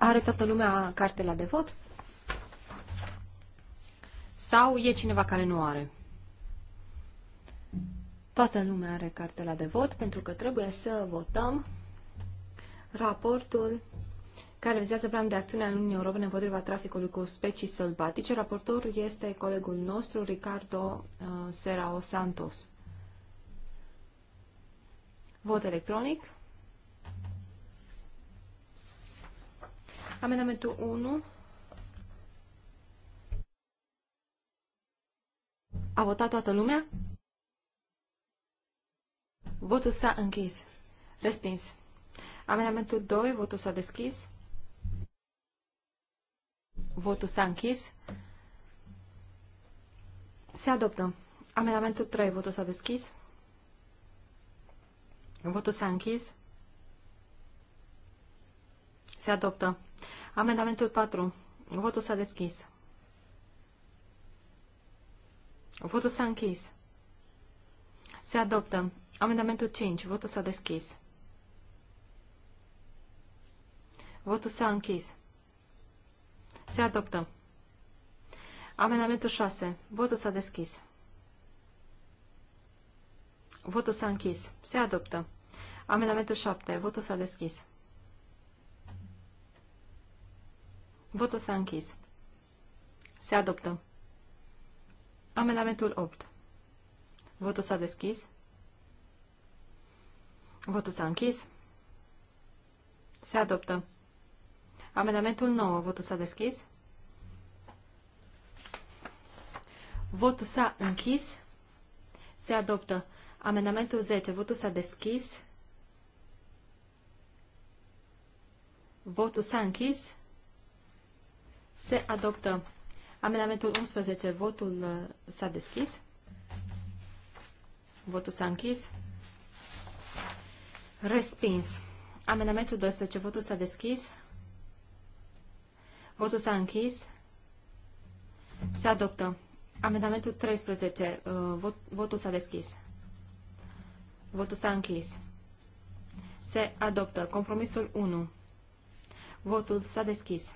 Are toată lumea cartela de vot? Sau e cineva care nu are? Toată lumea are cartela de vot pentru că trebuie să votăm raportul care vizează planul de acțiune al Uniunii Europene împotriva traficului cu specii sălbatice. Raportorul este colegul nostru, Ricardo uh, Serao Santos. Vot electronic. Amendamentul 1. A votat toată lumea? Votul s-a închis. Respins. Amendamentul 2. Votul s-a deschis. Votul s-a închis. Se adoptă. Amendamentul 3. Votul s-a deschis. Votul s-a închis. Se adoptă. Amendamentul 4. Votul s-a deschis. Votul s-a închis. Se adoptă. Amendamentul 5. Votul s-a deschis. Votul s-a închis. Se adoptă. Amendamentul 6. Votul s-a deschis. Votul s-a închis. Se adoptă. Amendamentul 7. Votul s-a deschis. Votul s-a închis. Se adoptă. Amendamentul 8. Votul s-a deschis. Votul s-a închis. Se adoptă. Amendamentul 9. Votul s-a deschis. Votul s-a închis. Se adoptă. Amendamentul 10. Votul s-a deschis. Votul s-a închis. Se adoptă amendamentul 11. Votul uh, s-a deschis. Votul s-a închis. Respins. Amendamentul 12. Votul s-a deschis. Votul s-a închis. Se adoptă. Amendamentul 13. Uh, votul s-a deschis. Votul s-a închis. Se adoptă. Compromisul 1. Votul s-a deschis.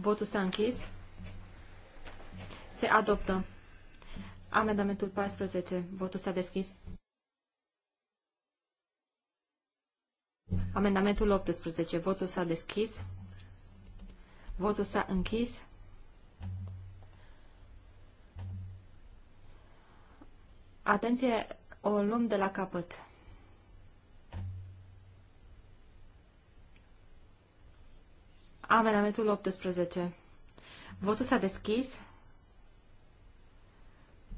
Votul s-a închis. Se adoptă. Amendamentul 14. Votul s-a deschis. Amendamentul 18. Votul s-a deschis. Votul s-a închis. Atenție, o luăm de la capăt. Amendamentul 18. Votul s-a deschis.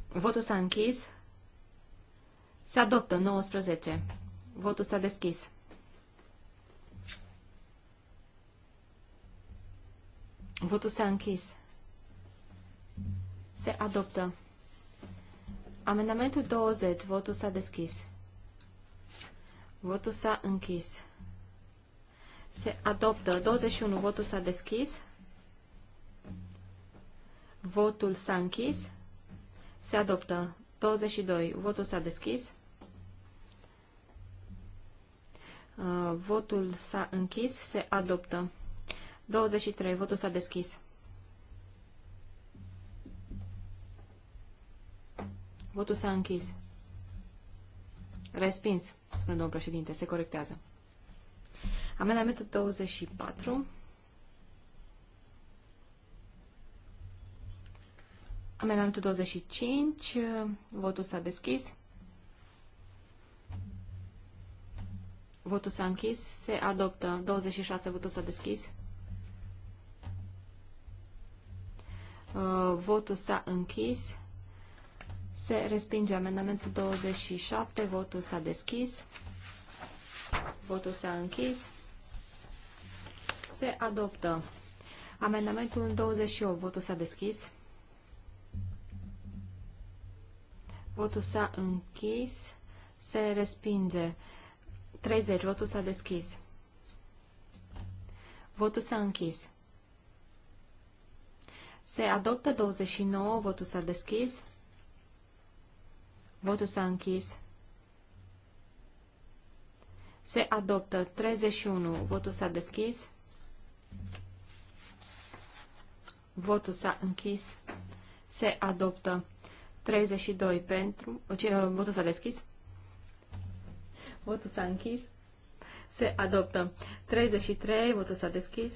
Votul s-a închis. Se adoptă 19. Votul s-a deschis. Votul s-a închis. Se adoptă. Amendamentul 20. Votul s-a deschis. Votul s-a închis. Se adoptă. 21. Votul s-a deschis. Votul s-a închis. Se adoptă. 22. Votul s-a deschis. Uh, votul s-a închis. Se adoptă. 23. Votul s-a deschis. Votul s-a închis. Respins, spune domnul președinte. Se corectează. Amendamentul 24. Amendamentul 25. Votul s-a deschis. Votul s-a închis. Se adoptă. 26. Uh, votul s-a deschis. Votul s-a închis. Se respinge amendamentul 27. Votul s-a deschis. Votul s-a închis se adoptă. Amendamentul 28. Votul s-a deschis. Votul s-a închis. Se respinge. 30. Votul s-a deschis. Votul s-a închis. Se adoptă 29. Votul s-a deschis. Votul s-a închis. Se adoptă 31. Votul s-a deschis. Votul s-a închis. Se adoptă 32 pentru. Uh, votul s-a deschis. Votul s-a închis. Se adoptă 33. Votul s-a deschis.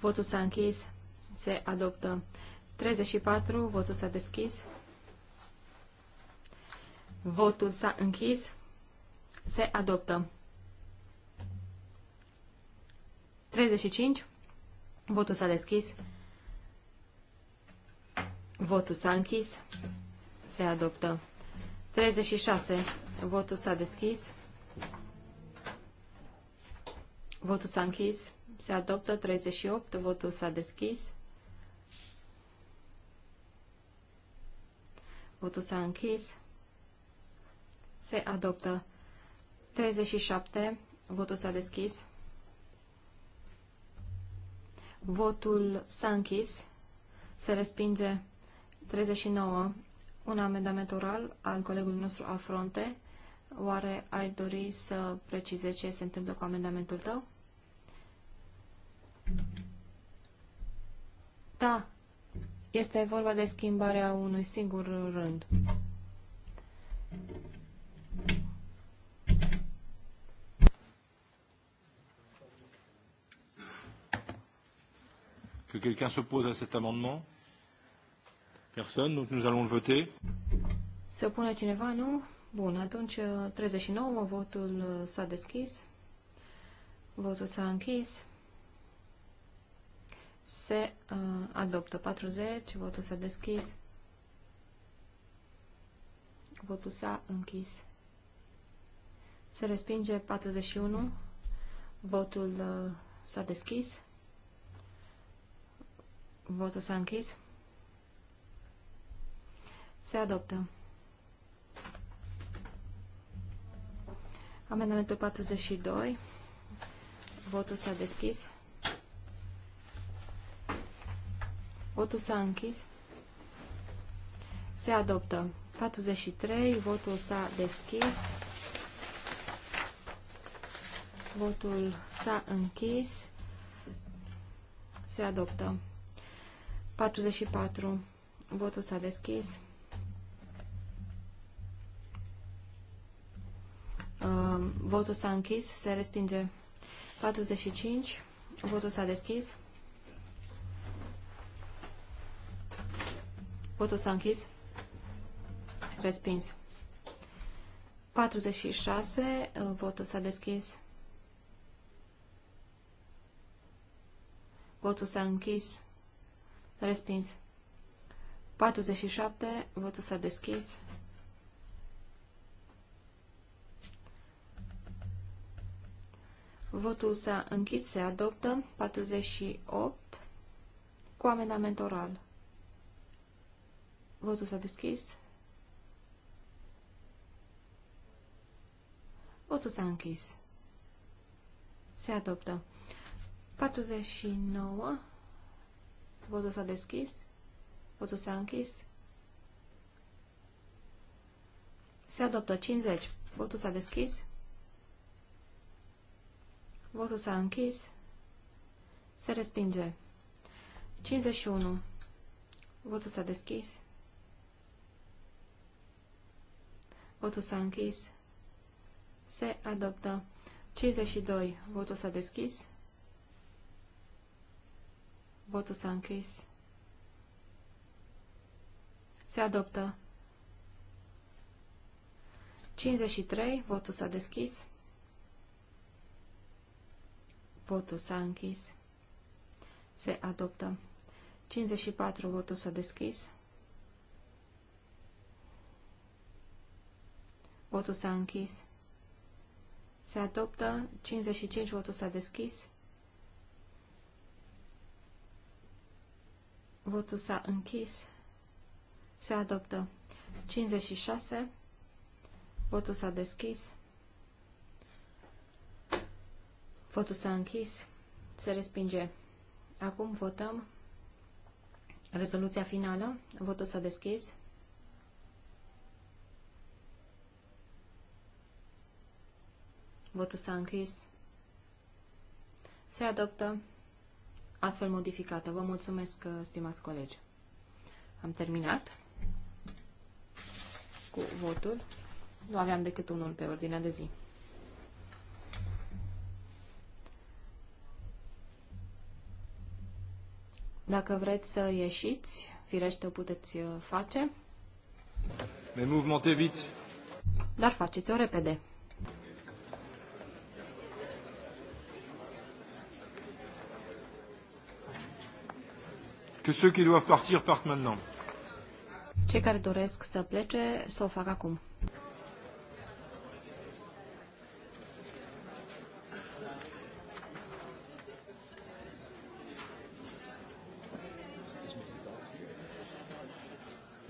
Votul s-a închis. Se adoptă 34. Votul s-a deschis. Votul s-a închis. Se adoptă. 35. Votul s-a deschis. Votul s-a închis. Se adoptă. 36. Votul s-a deschis. Votul s-a închis. Se adoptă. 38. Votul s-a deschis. Votul s-a închis. Se adoptă. 37. Votul s-a deschis. Votul s-a închis. Se respinge 39. Un amendament oral al colegului nostru Afronte. Oare ai dori să precizezi ce se întâmplă cu amendamentul tău? Da, este vorba de schimbarea unui singur rând. que quelqu'un s'oppose à cet amendement Personne, donc nous allons le voter. Se opune cineva, nu? Bun, atunci 39, uh, votul uh, s-a deschis. Votul s-a închis. Se uh, adoptă 40, votul s-a deschis. Votul s-a închis. Se respinge 41, votul uh, s-a deschis. Votul s-a închis. Se adoptă. Amendamentul 42. Votul s-a deschis. Votul s-a închis. Se adoptă. 43. Votul s-a deschis. Votul s-a închis. Se adoptă. 44. Votul s-a deschis. Uh, votul s-a închis. Se respinge. 45. Votul s-a deschis. Votul s-a închis. Respins. 46. Uh, votul s-a deschis. Votul s-a închis. Respins. 47. Votul s-a deschis. Votul s-a închis. Se adoptă. 48. Cu amendament oral. Votul s-a deschis. Votul s-a închis. Se adoptă. 49. Votul s-a deschis. Votul s-a închis. Se adoptă 50. Votul s-a deschis. Votul s-a închis. Se respinge. 51. Votul s-a deschis. Votul s-a închis. Se adoptă. 52. Votul s-a deschis. Votul s-a închis. Se adoptă. 53. Votul s-a deschis. Votul s-a închis. Se adoptă. 54. Votul s-a deschis. Votul s-a închis. Se adoptă. 55. Votul s-a deschis. Votul s-a închis. Se adoptă. 56. Votul s-a deschis. Votul s-a închis. Se respinge. Acum votăm rezoluția finală. Votul s-a deschis. Votul s-a închis. Se adoptă astfel modificată. Vă mulțumesc, uh, stimați colegi. Am terminat cu votul. Nu aveam decât unul pe ordinea de zi. Dacă vreți să ieșiți, firește o puteți uh, face. Ne movimentez vite. Dar faceți-o repede. que ceux qui doivent partir partent maintenant. Cei care doresc să plece, să o fac acum.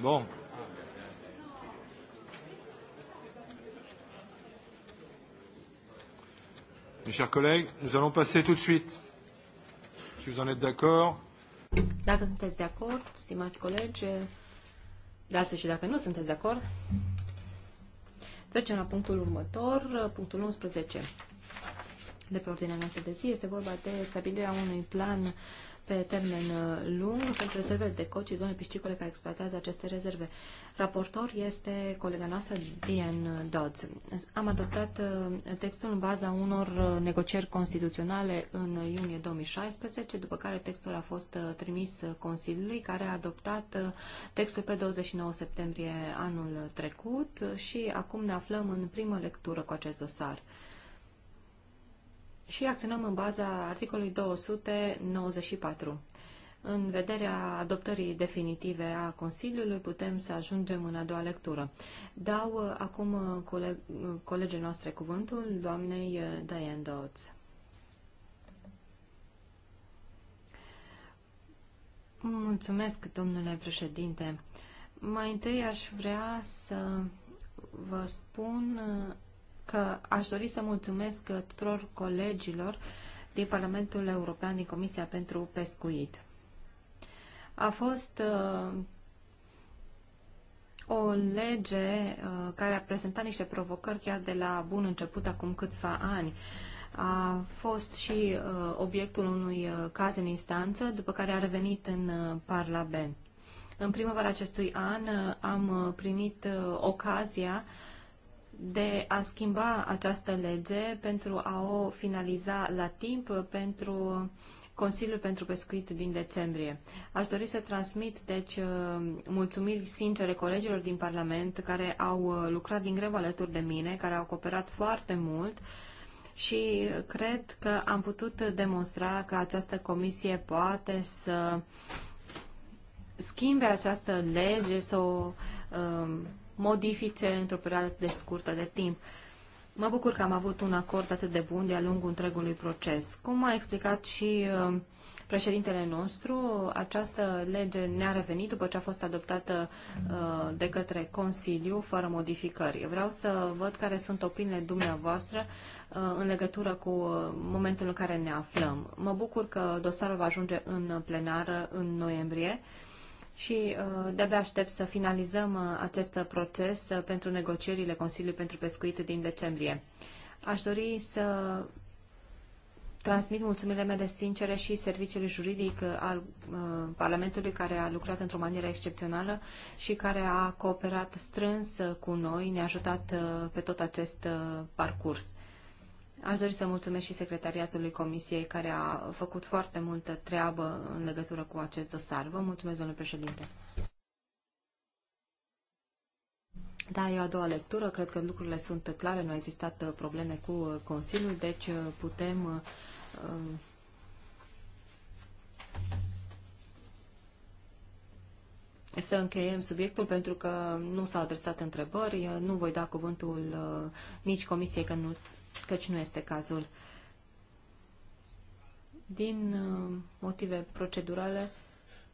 Bun. Mes chers collègues, nous allons passer tout de suite, si vous en êtes d'accord, dacă sunteți de acord, stimați colegi, de altfel și dacă nu sunteți de acord, trecem la punctul următor, punctul 11 de pe ordinea noastră de zi. Este vorba de stabilirea unui plan pe termen uh, lung pentru rezervele de coci și zone piscicole care exploatează aceste rezerve. Raportor este colega noastră, Diane Dodds. Am adoptat uh, textul în baza unor uh, negocieri constituționale în iunie 2016, după care textul a fost trimis Consiliului, care a adoptat textul pe 29 septembrie anul trecut și acum ne aflăm în primă lectură cu acest dosar și acționăm în baza articolului 294. În vederea adoptării definitive a Consiliului, putem să ajungem în a doua lectură. Dau uh, acum uh, coleg uh, colegii noastre cuvântul, doamnei Diane Dodds. Mulțumesc, domnule președinte. Mai întâi aș vrea să vă spun că aș dori să mulțumesc tuturor colegilor din Parlamentul European, din Comisia pentru Pescuit. A fost uh, o lege uh, care a prezentat niște provocări chiar de la bun început, acum câțiva ani. A fost și uh, obiectul unui uh, caz în instanță, după care a revenit în uh, Parlament. În primăvara acestui an uh, am uh, primit uh, ocazia uh, de a schimba această lege pentru a o finaliza la timp pentru Consiliul pentru Pescuit din decembrie. Aș dori să transmit, deci, uh, mulțumiri sincere colegilor din Parlament care au uh, lucrat din greu alături de mine, care au cooperat foarte mult și cred că am putut demonstra că această comisie poate să schimbe această lege, să o um, modifice într-o perioadă de scurtă de timp. Mă bucur că am avut un acord atât de bun de-a lungul întregului proces. Cum a explicat și uh, președintele nostru, această lege ne-a revenit după ce a fost adoptată uh, de către Consiliu fără modificări. Vreau să văd care sunt opiniile dumneavoastră uh, în legătură cu momentul în care ne aflăm. Mă bucur că dosarul va ajunge în plenară în noiembrie și uh, de-abia aștept să finalizăm uh, acest proces uh, pentru negocierile Consiliului pentru Pescuit din decembrie. Aș dori să transmit mulțumirile mele sincere și serviciului juridic al Parlamentului care a lucrat într-o manieră excepțională și care a cooperat strâns cu noi, ne-a ajutat pe tot acest parcurs. Aș dori să mulțumesc și secretariatului Comisiei care a făcut foarte multă treabă în legătură cu acest dosar. Vă mulțumesc, domnule președinte. Da, e a doua lectură, cred că lucrurile sunt clare, nu au existat uh, probleme cu uh, Consiliul, deci uh, putem să încheiem subiectul pentru că nu s-au adresat întrebări. Nu voi da cuvântul nici Comisiei că nu, căci nu este cazul. Din uh, motive procedurale,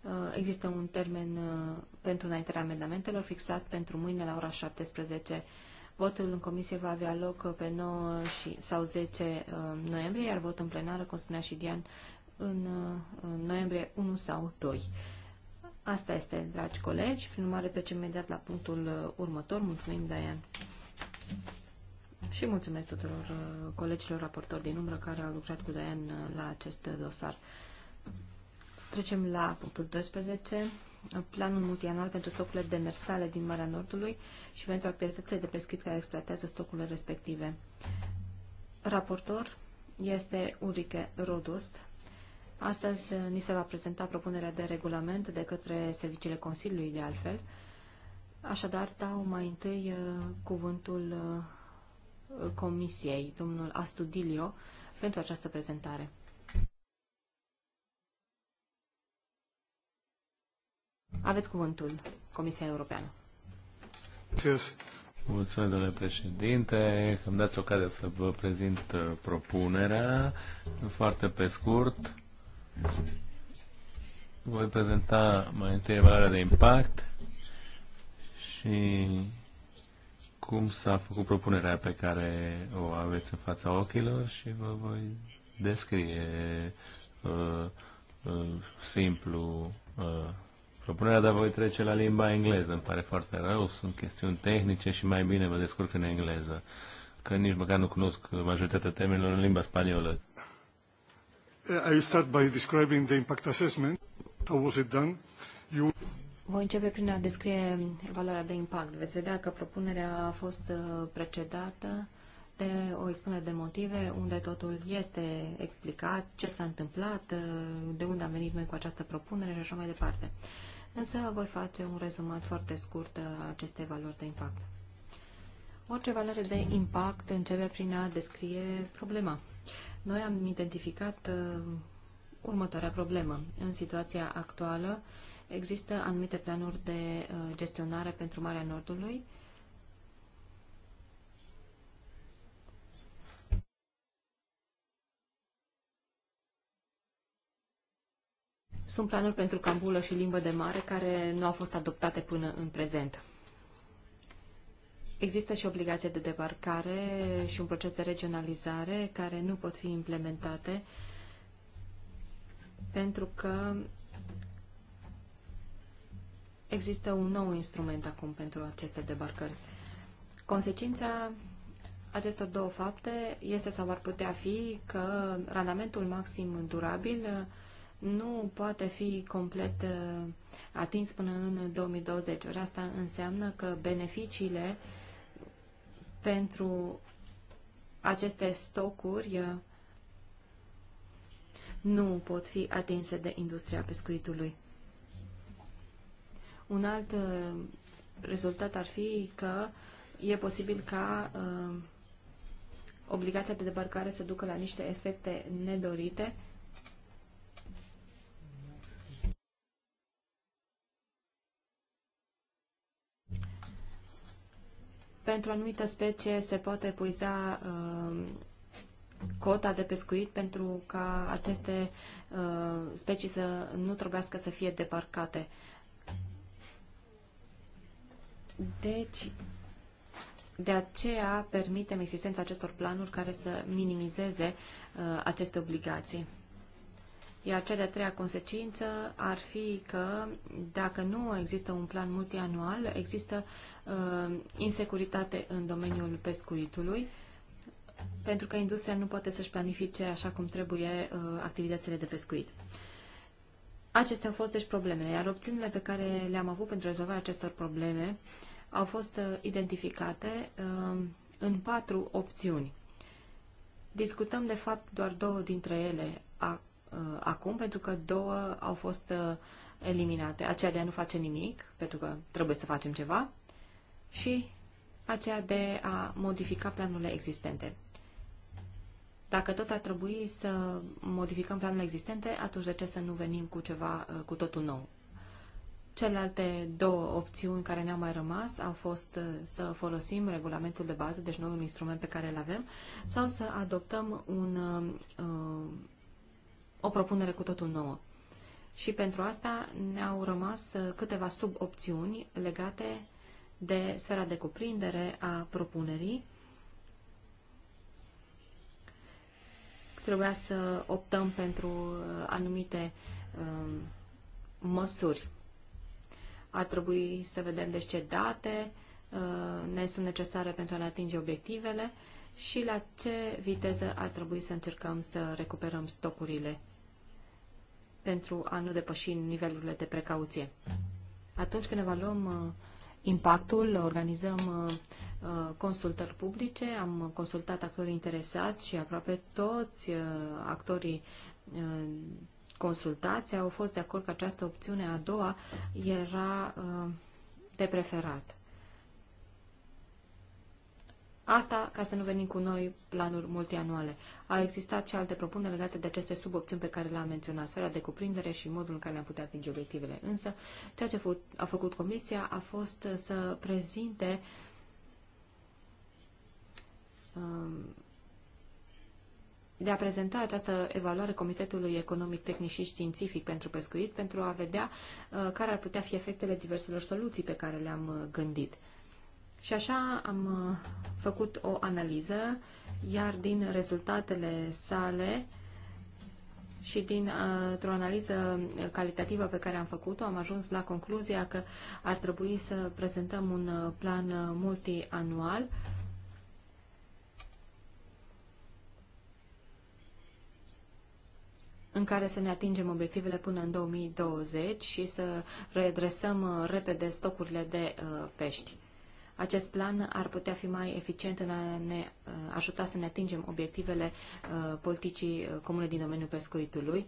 uh, există un termen uh, pentru înaintarea amendamentelor fixat pentru mâine la ora 17. Votul în comisie va avea loc pe 9 și, sau 10 noiembrie, iar votul în plenară, cum spunea și Dian, în noiembrie 1 sau 2. Asta este, dragi colegi. Prin urmare, trecem imediat la punctul următor. Mulțumim, Dian și mulțumesc tuturor uh, colegilor raportori din umbră care au lucrat cu Dian uh, la acest uh, dosar. Trecem la punctul 12, planul multianual pentru stocurile demersale din Marea Nordului și pentru activitățile de pescuit care exploatează stocurile respective. Raportor este Ulrike Rodust. Astăzi ni se va prezenta propunerea de regulament de către serviciile Consiliului, de altfel. Așadar, dau mai întâi cuvântul Comisiei, domnul Astudilio, pentru această prezentare. Aveți cuvântul, Comisia Europeană. Mulțumesc, domnule președinte, că îmi dați ocazia să vă prezint uh, propunerea. Foarte pe scurt, voi prezenta mai întâi evaluarea de impact și cum s-a făcut propunerea pe care o aveți în fața ochilor și vă voi descrie uh, uh, simplu uh, propunerea, dar voi trece la limba engleză. Îmi pare foarte rău, sunt chestiuni tehnice și mai bine vă descurc în engleză, că nici măcar nu cunosc majoritatea temelor în limba spaniolă. Uh, I start by describing the impact assessment. How was it done? You... Voi începe prin a descrie valoarea de impact. Veți vedea că propunerea a fost uh, precedată de o expunere de motive unde totul este explicat, ce s-a întâmplat, uh, de unde am venit noi cu această propunere și așa mai departe. Însă voi face un rezumat foarte scurt uh, a acestei valori de impact. Orice valoare de impact începe prin a descrie problema. Noi am identificat următoarea problemă. În situația actuală, uh, Există anumite planuri de uh, gestionare pentru Marea Nordului. Sunt planuri pentru cambulă și limbă de mare care nu au fost adoptate până în prezent. Există și obligații de debarcare și un proces de regionalizare care nu pot fi implementate pentru că există un nou instrument acum pentru aceste debarcări. Consecința acestor două fapte este sau ar putea fi că randamentul maxim durabil nu poate fi complet uh, atins până în 2020. Ori asta înseamnă că beneficiile pentru aceste stocuri uh, nu pot fi atinse de industria pescuitului. Un alt uh, rezultat ar fi că e posibil ca uh, obligația de debarcare să ducă la niște efecte nedorite. Pentru anumită specie se poate epuiza uh, cota de pescuit pentru ca aceste uh, specii să nu trebuiască să fie debarcate. Uh, deci, de aceea permitem existența acestor planuri care să minimizeze uh, aceste obligații. Iar cea de-a treia consecință ar fi că dacă nu există un plan multianual, există uh, insecuritate în domeniul pescuitului, pentru că industria nu poate să-și planifice așa cum trebuie uh, activitățile de pescuit. Acestea au fost deci problemele, iar opțiunile pe care le-am avut pentru rezolvarea acestor probleme au fost uh, identificate uh, în patru opțiuni. Discutăm, de fapt, doar două dintre ele uh, acum, pentru că două au fost eliminate. Aceea de a nu face nimic, pentru că trebuie să facem ceva, și aceea de a modifica planurile existente. Dacă tot ar trebui să modificăm planurile existente, atunci de ce să nu venim cu ceva uh, cu totul nou? Celelalte două opțiuni care ne-au mai rămas au fost uh, să folosim regulamentul de bază, deci noul instrument pe care îl avem, sau să adoptăm un, uh, o propunere cu totul nouă. Și pentru asta ne-au rămas câteva subopțiuni legate de sfera de cuprindere a propunerii trebuia să optăm pentru uh, anumite um, măsuri. Ar trebui să vedem de deci, ce date uh, ne sunt necesare pentru a ne atinge obiectivele și la ce viteză ar trebui să încercăm să recuperăm stocurile pentru a nu depăși nivelurile de precauție. Atunci când evaluăm uh, impactul, organizăm Uh, consultări publice, am consultat actorii interesați și aproape toți uh, actorii uh, consultați au fost de acord că această opțiune a doua era de preferat. Asta ca să nu venim cu noi planuri multianuale. Au existat și alte propuneri legate de aceste subopțiuni pe care le-am menționat, sfera de cuprindere și modul în care le am putea atinge obiectivele. Însă, ceea ce a făcut Comisia a fost să prezinte uh, Um, de a prezenta această evaluare Comitetului Economic, Tehnic și Științific pentru pescuit, pentru a vedea uh, care ar putea fi efectele diverselor soluții pe care le-am uh, gândit. Și așa am uh, făcut o analiză, iar din rezultatele sale și dintr-o analiză calitativă pe care am făcut-o, am ajuns la concluzia că ar trebui să prezentăm un plan multianual în care să ne atingem obiectivele până în 2020 și să redresăm uh, repede stocurile de uh, pești. Acest plan ar putea fi mai eficient în a ne uh, ajuta să ne atingem obiectivele politicii comune din domeniul pescuitului.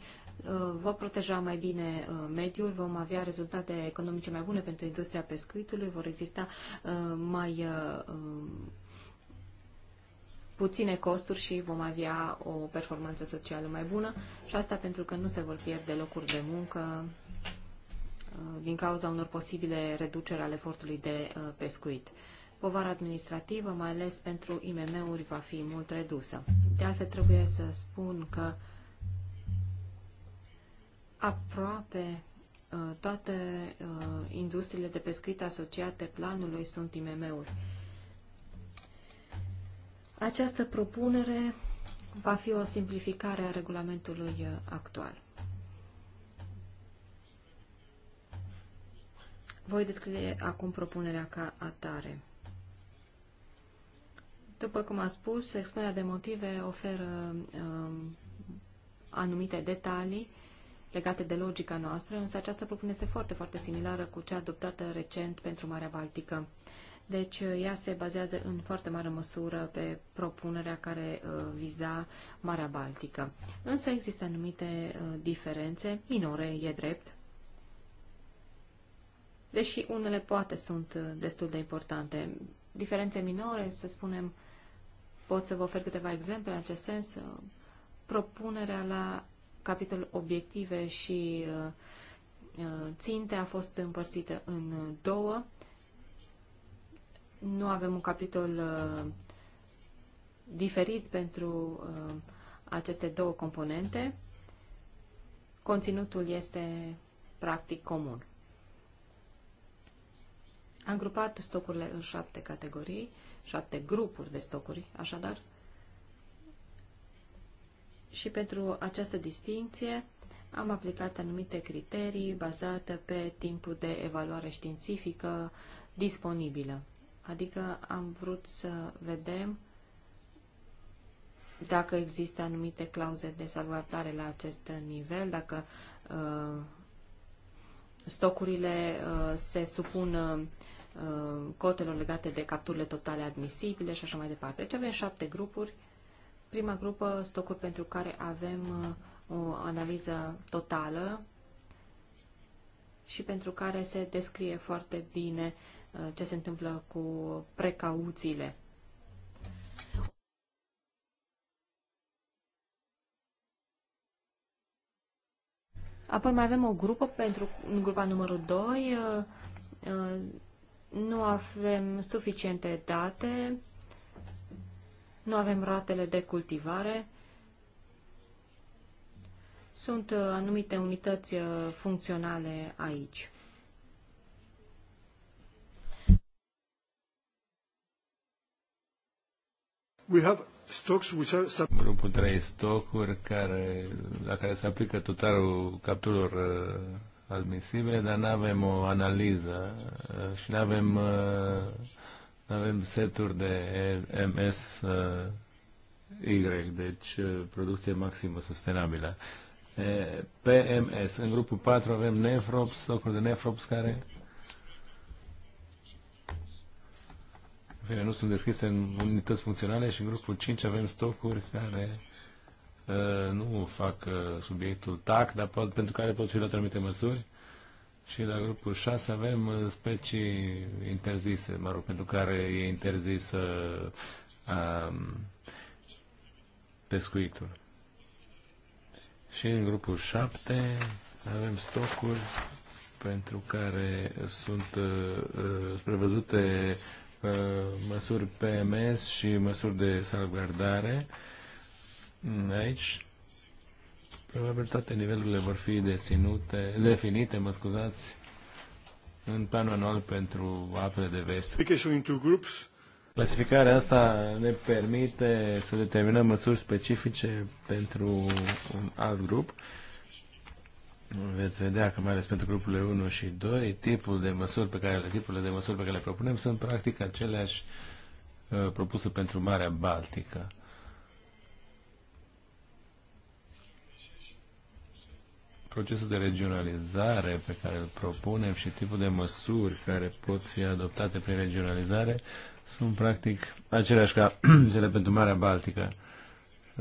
Vom proteja mai bine mediul, vom avea rezultate economice mai bune pentru industria pescuitului, vor exista mai um, puține costuri și vom avea o performanță socială mai bună și asta pentru că nu se vor pierde locuri de muncă uh, din cauza unor posibile reduceri ale efortului de uh, pescuit. Povara administrativă, mai ales pentru IMM-uri, va fi mult redusă. De altfel, trebuie să spun că aproape uh, toate industriile de pescuit asociate planului sunt IMM-uri. Această propunere va fi o simplificare a regulamentului actual. Voi descrie acum propunerea ca atare. După cum am spus, expunerea de motive oferă um, anumite detalii legate de logica noastră, însă această propunere este foarte, foarte similară cu cea adoptată recent pentru Marea Baltică. Uh, deci uh, ea se bazează în foarte mare măsură pe propunerea care uh, viza Marea Baltică. Însă există anumite uh, diferențe, minore e drept, deși unele poate sunt destul de importante. Diferențe minore, să spunem, pot să vă ofer câteva exemple în acest sens. Propunerea la capitol obiective și ținte a fost împărțită în două nu avem un capitol uh, diferit pentru uh, aceste două componente. Conținutul este practic comun. Am grupat stocurile în șapte categorii, șapte grupuri de stocuri, așadar. Și pentru această distinție am aplicat anumite criterii bazate pe timpul de evaluare științifică disponibilă. Adică am vrut să vedem dacă există anumite clauze de salvatare la acest nivel, dacă uh, stocurile uh, se supun uh, cotelor legate de capturile totale admisibile și așa mai departe. Deci avem șapte grupuri. Prima grupă, stocuri pentru care avem uh, o analiză totală și pentru care se descrie foarte bine uh, Uh, ce se întâmplă cu precauțiile. Apoi mai avem o grupă pentru grupa numărul 2. Uh, uh, nu avem suficiente date, nu avem ratele de cultivare. Sunt anumite unități funcționale aici. We have stocks which are... Grupul 3, stocuri care, la care se aplică totalul capturilor uh, admisibile, dar nu avem o analiză uh, și nu avem, uh, avem seturi de MS uh, Y, deci uh, producție maximă sustenabilă. PMS. În grupul 4 avem nefrops, stocuri de nefrops care Bine, nu sunt deschise în unități funcționale și în grupul 5 avem stocuri care uh, nu fac uh, subiectul TAC, dar pot, pentru care pot fi luate anumite măsuri. Și la grupul 6 avem uh, specii interzise, mă rog, pentru care e interzis uh, um, pescuitul. Și în grupul 7 avem stocuri pentru care sunt uh, uh prevăzute Uh, măsuri PMS și măsuri de salvgardare. Mm, aici probabil toate nivelurile vor fi deținute, definite, mă scuzați, în planul anual pentru apele de vest. Clasificarea asta ne permite să determinăm măsuri specifice pentru un alt grup veți vedea că mai ales pentru grupurile 1 și 2, tipul de măsuri pe care, tipurile de măsuri pe care le propunem sunt practic aceleași uh, propuse pentru Marea Baltică. Procesul de regionalizare pe care îl propunem și tipul de măsuri care pot fi adoptate prin regionalizare sunt practic aceleași ca cele pentru Marea Baltică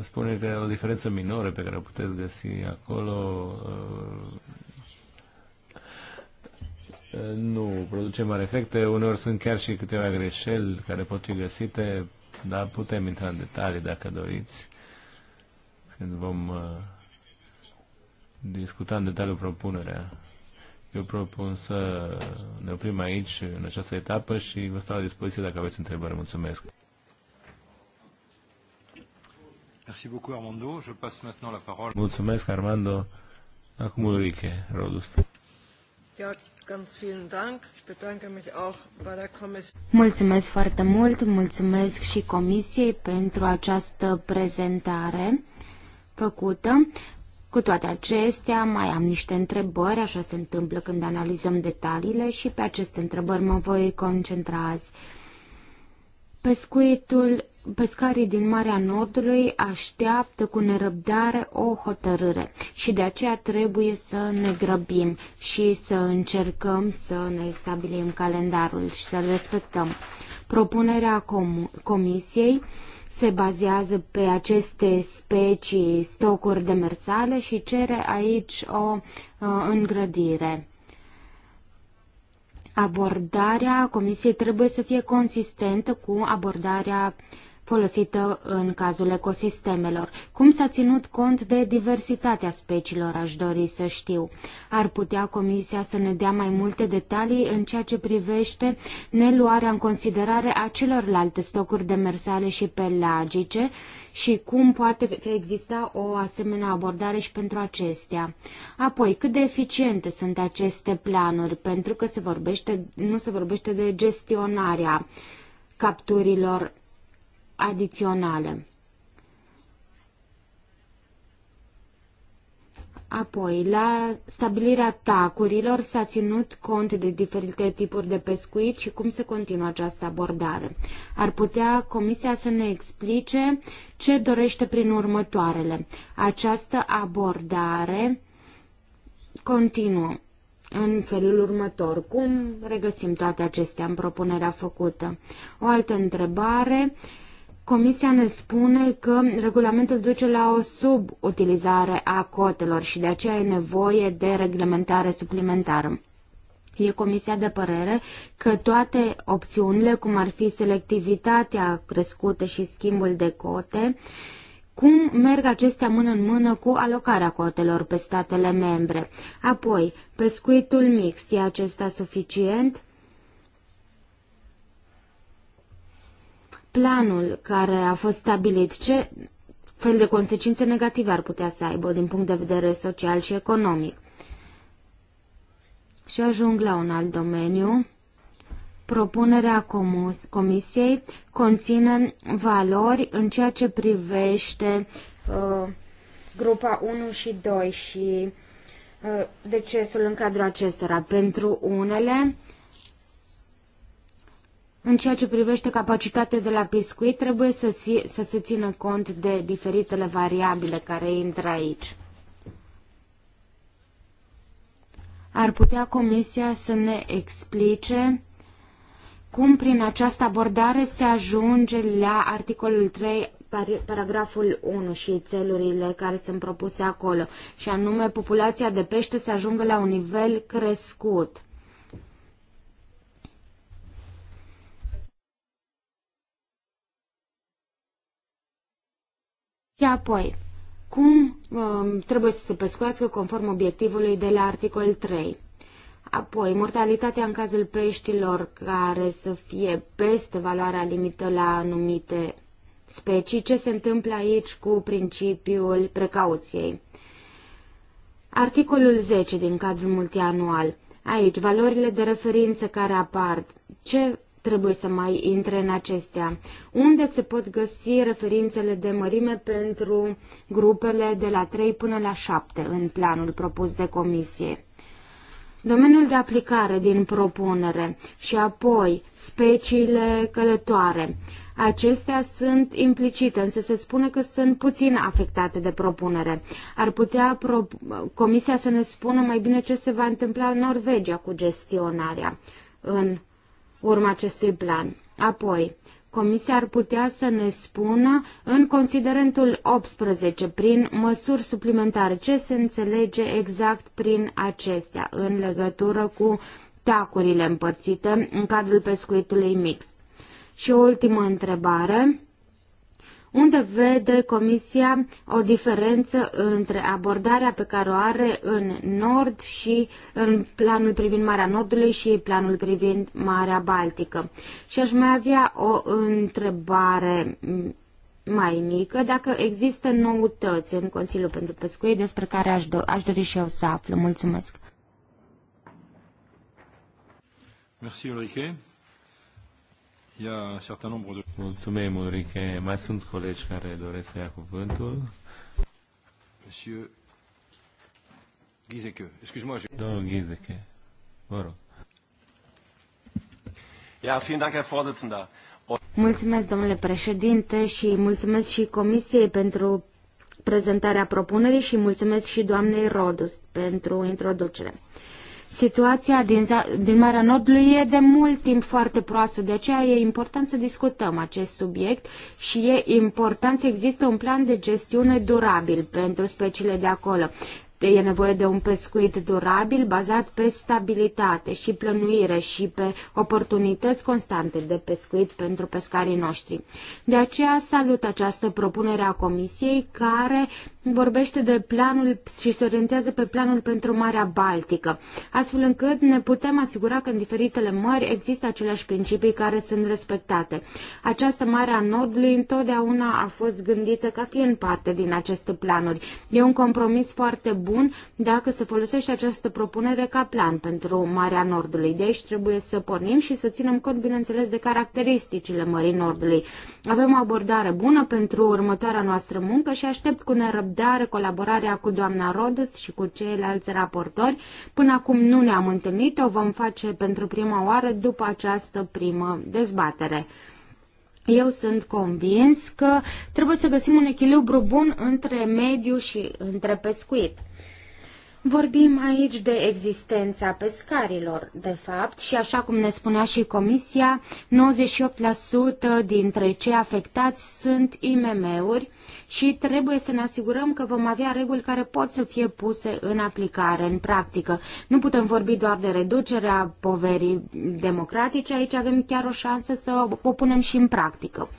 spune că o diferență minoră pe care o puteți găsi acolo uh, uh, nu produce mari efecte. Uneori sunt chiar și câteva greșeli care pot fi găsite, dar putem intra în detalii dacă doriți când vom uh, discuta în detaliu propunerea. Eu propun să ne oprim aici, în această etapă, și vă stau la dispoziție dacă aveți întrebări. Mulțumesc! Merci beaucoup, Armando. Je passe maintenant la parole. Mulțumesc, Armando. Acum Ulrike Rodus. Ja, ganz vielen Dank. Ich bedanke mich auch bei der Kommission. Mulțumesc foarte mult, mulțumesc și Comisiei pentru această prezentare făcută. Cu toate acestea, mai am niște întrebări, așa se întâmplă când analizăm detaliile și pe aceste întrebări mă voi concentra azi. Pescuitul Pescarii din Marea Nordului așteaptă cu nerăbdare o hotărâre și de aceea trebuie să ne grăbim și să încercăm să ne stabilim calendarul și să-l respectăm. Propunerea com Comisiei se bazează pe aceste specii, stocuri demersale și cere aici o uh, îngrădire. Abordarea Comisiei trebuie să fie consistentă cu abordarea uh, folosită în cazul ecosistemelor. Cum s-a ținut cont de diversitatea speciilor, aș dori să știu. Ar putea Comisia să ne dea mai multe detalii în ceea ce privește neluarea în considerare a celorlalte stocuri demersale și pelagice și cum poate exista o asemenea abordare și pentru acestea. Apoi, cât de eficiente sunt aceste planuri, pentru că se vorbește, nu se vorbește de gestionarea capturilor adiționale. Apoi, la stabilirea tacurilor s-a ținut cont de diferite tipuri de pescuit și cum se continuă această abordare. Ar putea Comisia să ne explice ce dorește prin următoarele. Această abordare continuă în felul următor. Cum regăsim toate acestea în propunerea făcută? O altă întrebare. Uh, Comisia ne spune că regulamentul duce la o subutilizare a cotelor și de aceea e nevoie de reglementare suplimentară. E comisia de părere că toate opțiunile, cum ar fi selectivitatea crescută și schimbul de cote, cum merg acestea mână în mână cu alocarea cotelor pe statele membre? Apoi, pescuitul mix, e acesta suficient? Planul care a fost stabilit, ce fel de consecințe negative ar putea să aibă din punct de vedere social și economic? Și ajung la un alt domeniu. Propunerea Comisiei conține valori în ceea ce privește uh, grupa 1 și 2 și uh, decesul în cadrul acestora. Pentru unele, în ceea ce privește capacitatea de la pescuit, trebuie să, si, să se țină cont de diferitele variabile care intră aici. Ar putea Comisia să ne explice cum prin această abordare se ajunge la articolul 3, paragraful 1 și țelurile care sunt propuse acolo, și anume populația de pește să ajungă la un nivel crescut. Și apoi, cum um, trebuie să se pescuiască conform obiectivului de la articol 3. Apoi, mortalitatea în cazul peștilor care să fie peste valoarea limită la anumite specii, ce se întâmplă aici cu principiul precauției. Articolul 10 din cadrul multianual. Aici, valorile de referință care apar, ce trebuie să mai intre în acestea. Unde se pot găsi referințele de mărime pentru grupele de la 3 până la 7 în planul propus de comisie? Domeniul de aplicare din propunere și apoi speciile călătoare. Acestea sunt implicite, însă se spune că sunt puțin afectate de propunere. Ar putea pro- Comisia să ne spună mai bine ce se va întâmpla în Norvegia cu gestionarea în urma acestui plan. Apoi, Comisia ar putea să ne spună în considerentul 18 prin măsuri suplimentare ce se înțelege exact prin acestea în legătură cu tacurile împărțite în cadrul pescuitului mix. Și o ultimă întrebare. Unde vede Comisia o diferență între abordarea pe care o are în Nord și în planul privind Marea Nordului și planul privind Marea Baltică? Și aș mai avea o întrebare mai mică, dacă există noutăți în Consiliul pentru Pescuit despre care aș, do- aș dori și eu să aflu. Mulțumesc! Merci, Ulrike un certain nombre de... Mulțumim, Ulrike. Mai sunt colegi care doresc să ia cuvântul. Monsieur Ghizeke. Excuse-moi. Je... Domnul Ghizeke. Vă rog. Ja, vielen Dank, Herr Vorsitzender. Mulțumesc, domnule președinte, și mulțumesc și Comisiei pentru prezentarea propunerii și mulțumesc și doamnei Rodus pentru introducere. Situația din, din Marea Nordului e de mult timp foarte proastă, de aceea e important să discutăm acest subiect și e important să existe un plan de gestiune durabil pentru speciile de acolo. E nevoie de un pescuit durabil bazat pe stabilitate și plănuire și pe oportunități constante de pescuit pentru pescarii noștri. De aceea salut această propunere a Comisiei care vorbește de planul și se orientează pe planul pentru Marea Baltică, astfel încât ne putem asigura că în diferitele mări există aceleași principii care sunt respectate. Această mare a Nordului întotdeauna a fost gândită ca fiind parte din aceste planuri. E un compromis foarte bun dacă se folosește această propunere ca plan pentru Marea Nordului. De aici trebuie să pornim și să ținem cont, bineînțeles, de caracteristicile Mării Nordului. Avem o abordare bună pentru următoarea noastră muncă și aștept cu nerăbdare răbdare colaborarea cu doamna Rodus și cu ceilalți raportori. Până acum nu ne-am întâlnit, o vom face pentru prima oară după această primă dezbatere. Eu sunt convins că trebuie să găsim un echilibru bun între mediu și între pescuit. Vorbim aici de existența pescarilor, de fapt, și așa cum ne spunea și Comisia, 98% dintre cei afectați sunt IMM-uri și trebuie să ne asigurăm că vom avea reguli care pot să fie puse în aplicare, în practică. Nu putem vorbi doar de reducerea poverii democratice, aici avem chiar o șansă să o punem și în practică.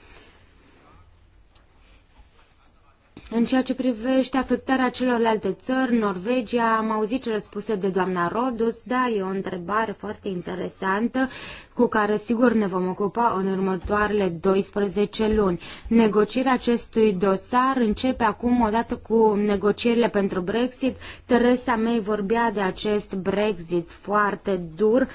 În ceea ce privește afectarea celorlalte țări, Norvegia, am auzit cele spuse de doamna Rodus, da, e o întrebare foarte interesantă cu care sigur ne vom ocupa în următoarele 12 luni. Negocierea acestui dosar începe acum odată cu negocierile pentru Brexit. Teresa May vorbea de acest Brexit foarte dur.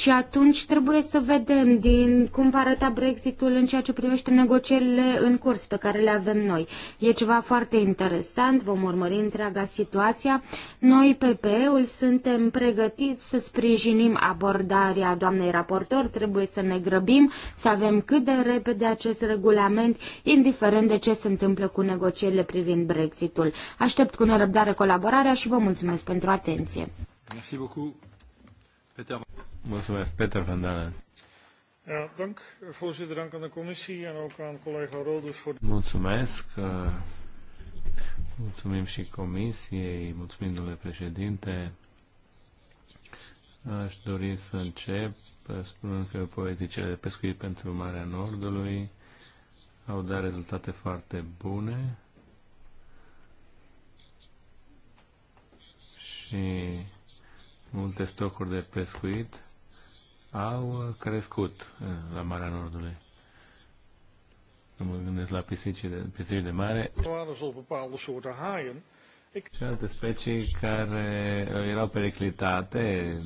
Și atunci trebuie să vedem din cum va arăta Brexitul în ceea ce privește negocierile în curs pe care le avem noi. E ceva foarte interesant, vom urmări întreaga situația. Noi, PPE-ul, suntem pregătiți să sprijinim abordarea doamnei raportor, trebuie să ne grăbim, să avem cât de repede acest regulament, indiferent de ce se întâmplă cu negocierile privind Brexitul. Aștept cu nerăbdare colaborarea și vă mulțumesc pentru atenție. Merci beaucoup. Peter Mulțumesc, Peter van Dalen. Ja, dank, voorzitter, dank aan de commissie en ook aan collega Rodus voor... Mulțumesc, mulțumim și comisiei, mulțumim, domnule președinte. Aș dori să încep spunând că politicele de pescuit pentru Marea Nordului au dat rezultate foarte bune și multe stocuri de pescuit au crescut eh, la Marea Nordului. Nu Mă gândesc la pisicile, pisicile de mare și alte specii care eh, erau periclitate, eh,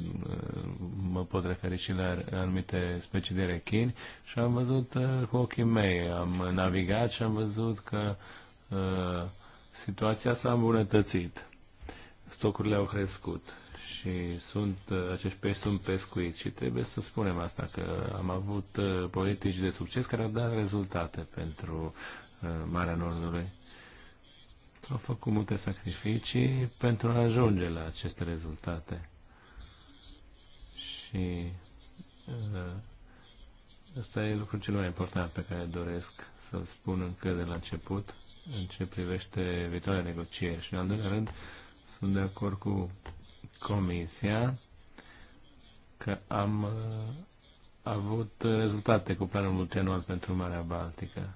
mă pot referi și la anumite specii de rechini, și am văzut cu ochii mei, am navigat și am văzut că uh, situația s-a îmbunătățit. Stocurile au crescut și sunt, uh, acești pești sunt pescuiți și trebuie să spunem asta că am avut uh, politici de succes care au dat rezultate pentru uh, Marea Nordului. Au făcut multe sacrificii pentru a ajunge la aceste rezultate. Și Asta e lucrul cel mai important pe care doresc să-l spun încă de la început, în ce privește viitoarea negocieri. Și, în al doilea rând, sunt de acord cu Comisia că am uh, avut rezultate cu planul multianual pentru Marea Baltică.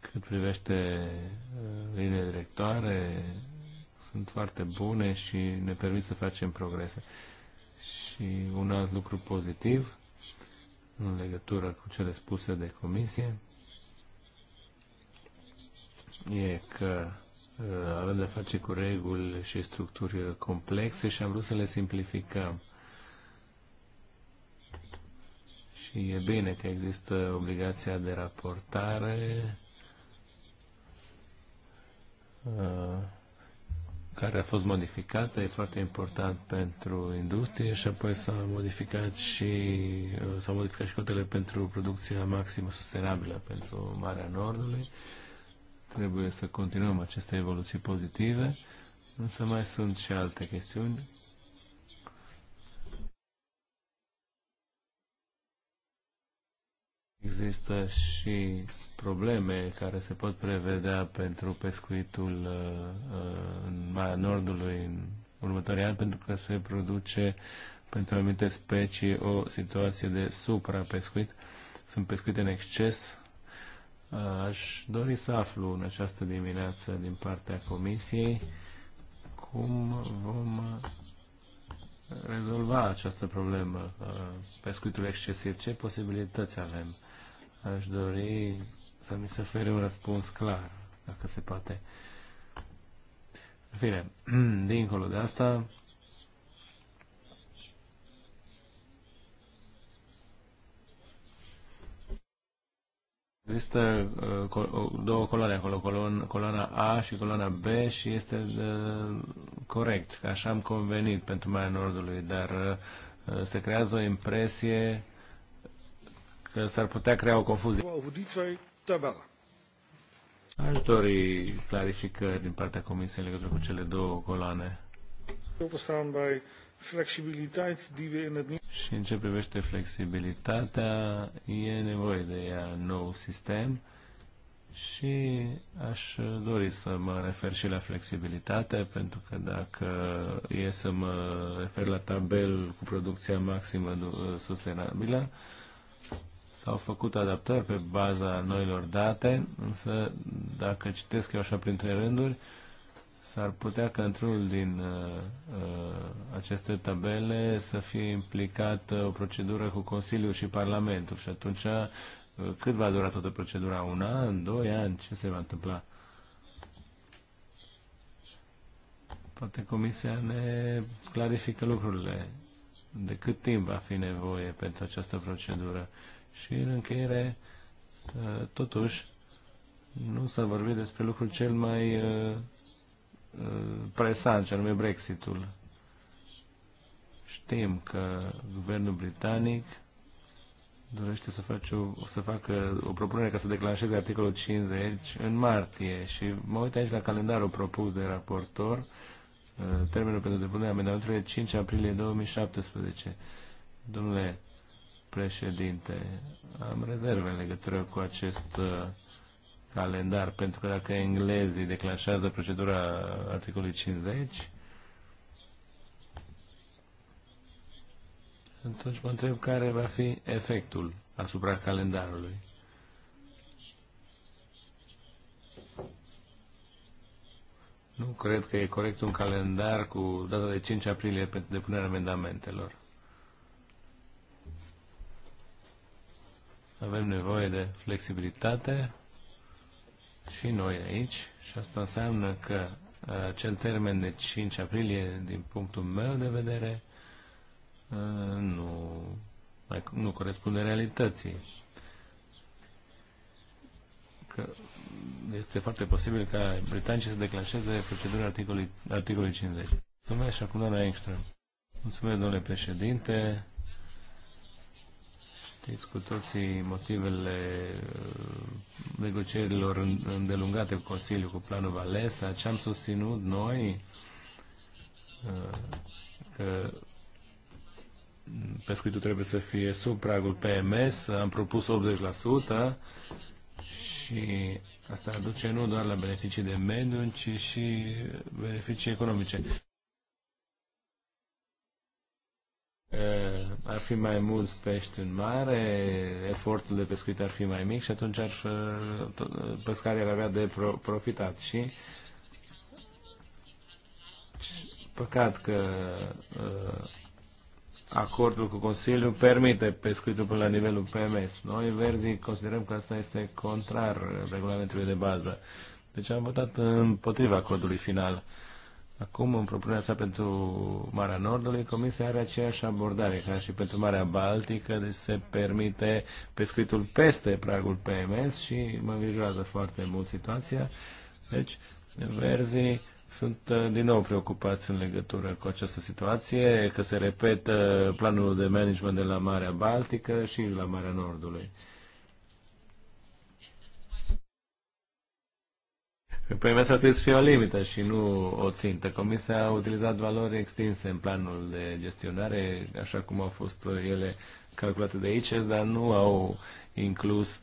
Cât privește uh, linia directoare, sunt foarte bune și ne permit să facem progrese. Și un alt lucru pozitiv în legătură cu cele spuse de comisie e că Uh, avem de-a face cu reguli și structuri complexe și am vrut să le simplificăm. Și e bine că există obligația de raportare uh, care a fost modificată, e foarte important pentru industrie și apoi s-a modificat și uh, s-au modificat și cotele pentru producția maximă sustenabilă pentru Marea Nordului. Trebuie să continuăm aceste evoluții pozitive, însă mai sunt și alte chestiuni Există și probleme care se pot prevedea pentru pescuitul uh, uh, în Marea Nordului în următorii ani, pentru că se produce pentru anumite specii o situație de suprapescuit. Sunt pescuite în exces Aș dori să aflu în această dimineață din partea Comisiei cum vom rezolva această problemă pescuitul excesiv. Ce posibilități avem? Aș dori să mi se ofere un răspuns clar, dacă se poate. În fine, dincolo de asta, Există uh, două coloane acolo, coloana A și coloana B și este uh, corect, că așa am convenit pentru Marea Nordului, dar uh, se creează o impresie că s-ar putea crea o confuzie. Aș dori clarificări din partea Comisiei în legătură cu cele două coloane. Și în ce privește flexibilitatea, e nevoie de ea în nou sistem și aș dori să mă refer și la flexibilitate, pentru că dacă e să mă refer la tabel cu producția maximă sustenabilă, s-au făcut adaptări pe baza noilor date, însă dacă citesc eu așa printre rânduri, s-ar putea că într-unul din uh, uh, aceste tabele să fie implicată o procedură cu Consiliul și Parlamentul și atunci uh, cât va dura toată procedura? Un an, doi ani? Ce se va întâmpla? Poate Comisia ne clarifică lucrurile. De cât timp va fi nevoie pentru această procedură? Și în încheiere, uh, totuși, nu s-a vorbit despre lucrul cel mai uh, presant, și anume Brexitul. Știm că guvernul britanic dorește să, face o, să facă o propunere ca să declanșeze articolul 50 în martie și mă uit aici la calendarul propus de raportor, uh, termenul pentru depunerea amendamentului 5 aprilie 2017. Domnule președinte, am rezerve în legătură cu acest uh, calendar, pentru că dacă englezii declanșează procedura articolului 50, atunci mă întreb care va fi efectul asupra calendarului. Nu cred că e corect un calendar cu data de 5 aprilie pentru depunerea amendamentelor. Avem nevoie de flexibilitate și noi aici și asta înseamnă că acel uh, termen de 5 aprilie, din punctul meu de vedere, uh, nu, nu corespunde realității. Că este foarte posibil ca britanicii să declanșeze procedura articolului, articolului 50. Mulțumesc și acum doamna Engström. Mulțumesc, domnule președinte. Știți cu toții motivele uh, negocierilor îndelungate cu Consiliul, cu planul Valesa, ce am susținut noi, uh, că pescuitul trebuie să fie sub pragul PMS, am propus 80% și asta aduce nu doar la beneficii de mediu, ci și beneficii economice. Eh, ar fi mai mult pești în mare, efortul de pescuit ar fi mai mic și atunci ar, eh, eh, pescarii ar avea de profitat. Și păcat că acordul cu Consiliul permite pescuitul până la nivelul PMS. Noi, verzii, considerăm că asta este contrar regulamentului de bază. Deci am votat împotriva acordului final. Acum, în propunerea sa pentru Marea Nordului, Comisia are aceeași abordare ca și pentru Marea Baltică, deci se permite pescuitul peste pragul PMS și mă îngrijorează foarte mult situația. Deci, verzii sunt uh, din nou preocupați în legătură cu această situație, că se repetă planul de management de la Marea Baltică și la Marea Nordului. Premiul păi ăsta trebuie să fie o limită și nu o țintă. Comisia a utilizat valori extinse în planul de gestionare, așa cum au fost ele calculate de aici, dar nu au inclus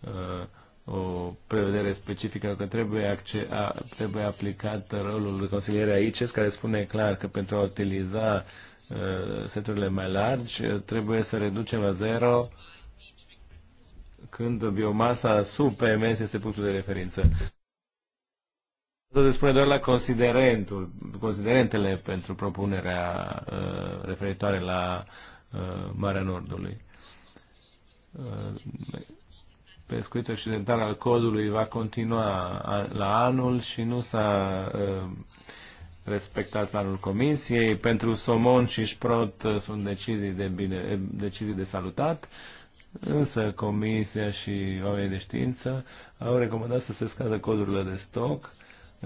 uh, o prevedere specifică că trebuie, acce- a, trebuie aplicat rolul de consiliere a care spune clar că pentru a utiliza uh, seturile mai largi trebuie să reducem la zero când biomasa sub PMS este punctul de referință se spune doar la considerentul, considerentele pentru propunerea uh, referitoare la uh, Marea Nordului. Uh, pescuitul occidental al codului va continua la anul și nu s-a uh, respectat planul comisiei. Pentru somon și șprot uh, sunt decizii de, bine, uh, decizii de salutat. Însă Comisia și oamenii de știință au recomandat să se scadă codurile de stoc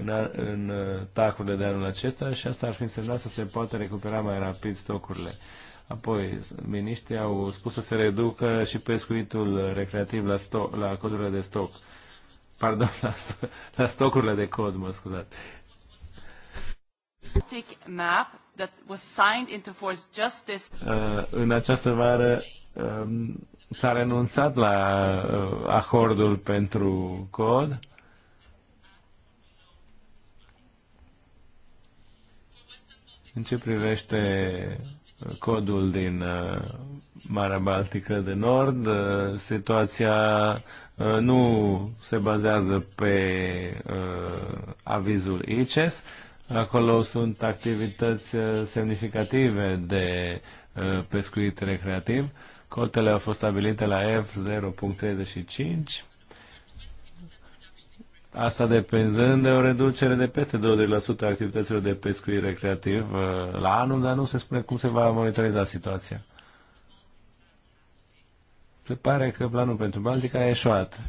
în, în uh, tacurile de anul acesta și asta ar fi însemnat să se poată recupera mai rapid stocurile. Apoi, miniștrii au spus să se reducă și pescuitul recreativ la, sto- la codurile de stoc. Pardon, la, sto- la stocurile de cod, mă scuzați. Map that was signed into force just this... Uh, în această vară um, s-a renunțat la uh, acordul pentru cod În ce privește uh, codul din uh, Marea Baltică de Nord, uh, situația nu se bazează pe avizul ICES. Acolo sunt activități semnificative de pescuit recreativ. Cotele au fost stabilite la F0.35 Asta depinzând de o reducere de peste 20% a activităților de pescuit recreativ uh, la anul, dar nu se spune cum se va monitoriza situația. Se pare că planul pentru Baltica a eșuat.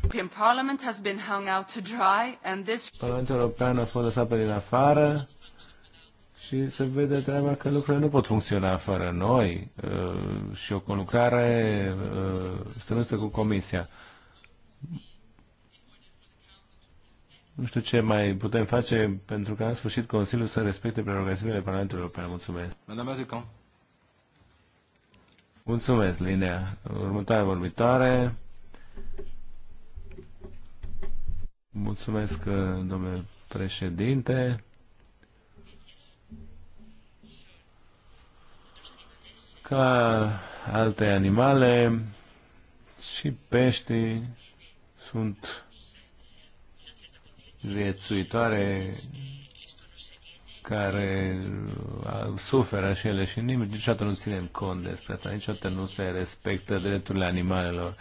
Parlamentul European a fost lăsat pe din afară și se vede treaba că lucrurile nu pot funcționa fără noi uh, și o conlucrare uh, strânsă cu Comisia. nu știu ce mai putem face pentru ca în sfârșit Consiliul să respecte prerogativele Parlamentului European. Mulțumesc. Madame Azucan. Mulțumesc, Linea. Următoarea vorbitoare. Mulțumesc, domnule președinte. Ca alte animale, și peștii sunt viețuitoare care suferă și ele și nimic, niciodată nu ținem cont despre asta, niciodată nu se respectă drepturile animalelor.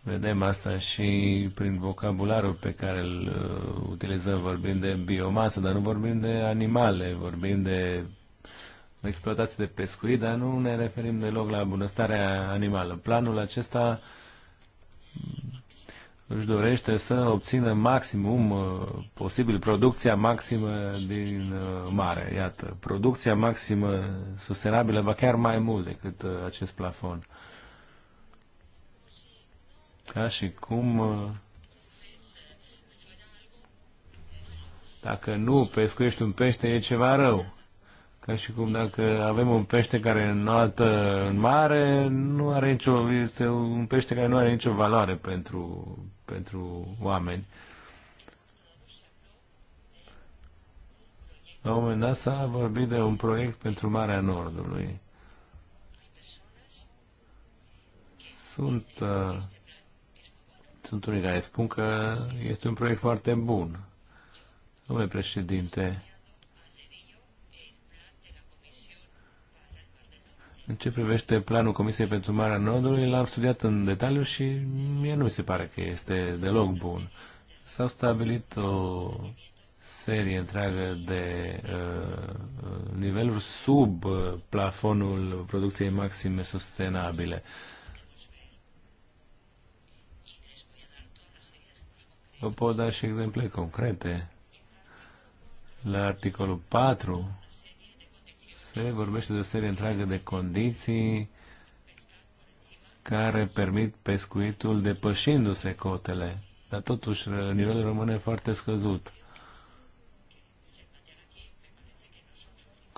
Vedem asta și prin vocabularul pe care îl uh, utilizăm. Vorbim de biomasă, dar nu vorbim de animale, vorbim de exploatații de pescuit, dar nu ne referim deloc la bunăstarea animală. Planul acesta uh, își dorește să obțină maximum uh, posibil, producția maximă din uh, mare. Iată, producția maximă sustenabilă va chiar mai mult decât uh, acest plafon. Ca și cum dacă nu pescuiești un pește e ceva rău. Ca și cum dacă avem un pește care înaltă în mare, nu are nicio, este un pește care nu are nicio valoare pentru pentru oameni. La un moment dat s-a vorbit de un proiect pentru Marea Nordului. Sunt, uh, sunt unii care spun că este un proiect foarte bun. Domnule președinte, În ce privește planul Comisiei pentru Marea Nordului, l-am studiat în detaliu și mie nu mi se pare că este deloc bun. S-au stabilit o serie întreagă de uh, niveluri sub uh, plafonul producției maxime sustenabile. Vă pot da și exemple concrete. La articolul 4 se vorbește de o serie întreagă de condiții care permit pescuitul depășindu-se cotele, dar totuși nivelul rămâne foarte scăzut.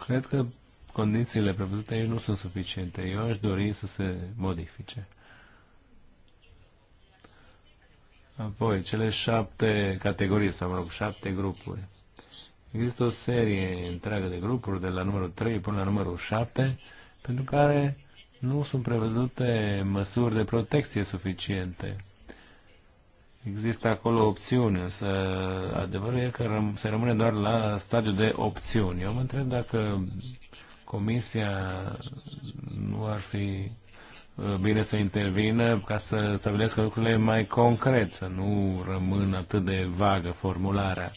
Cred că condițiile prevăzute aici nu sunt suficiente. Eu aș dori să se modifice. Apoi, cele șapte categorii, sau mă rog, șapte grupuri. Există o serie întreagă de grupuri, de la numărul 3 până la numărul 7, pentru care nu sunt prevăzute măsuri de protecție suficiente. Există acolo opțiuni, însă adevărul e că se rămâne doar la stadiul de opțiuni. Eu mă întreb dacă Comisia nu ar fi uh, bine să intervină ca să stabilească lucrurile mai concret, să nu rămână atât de vagă formularea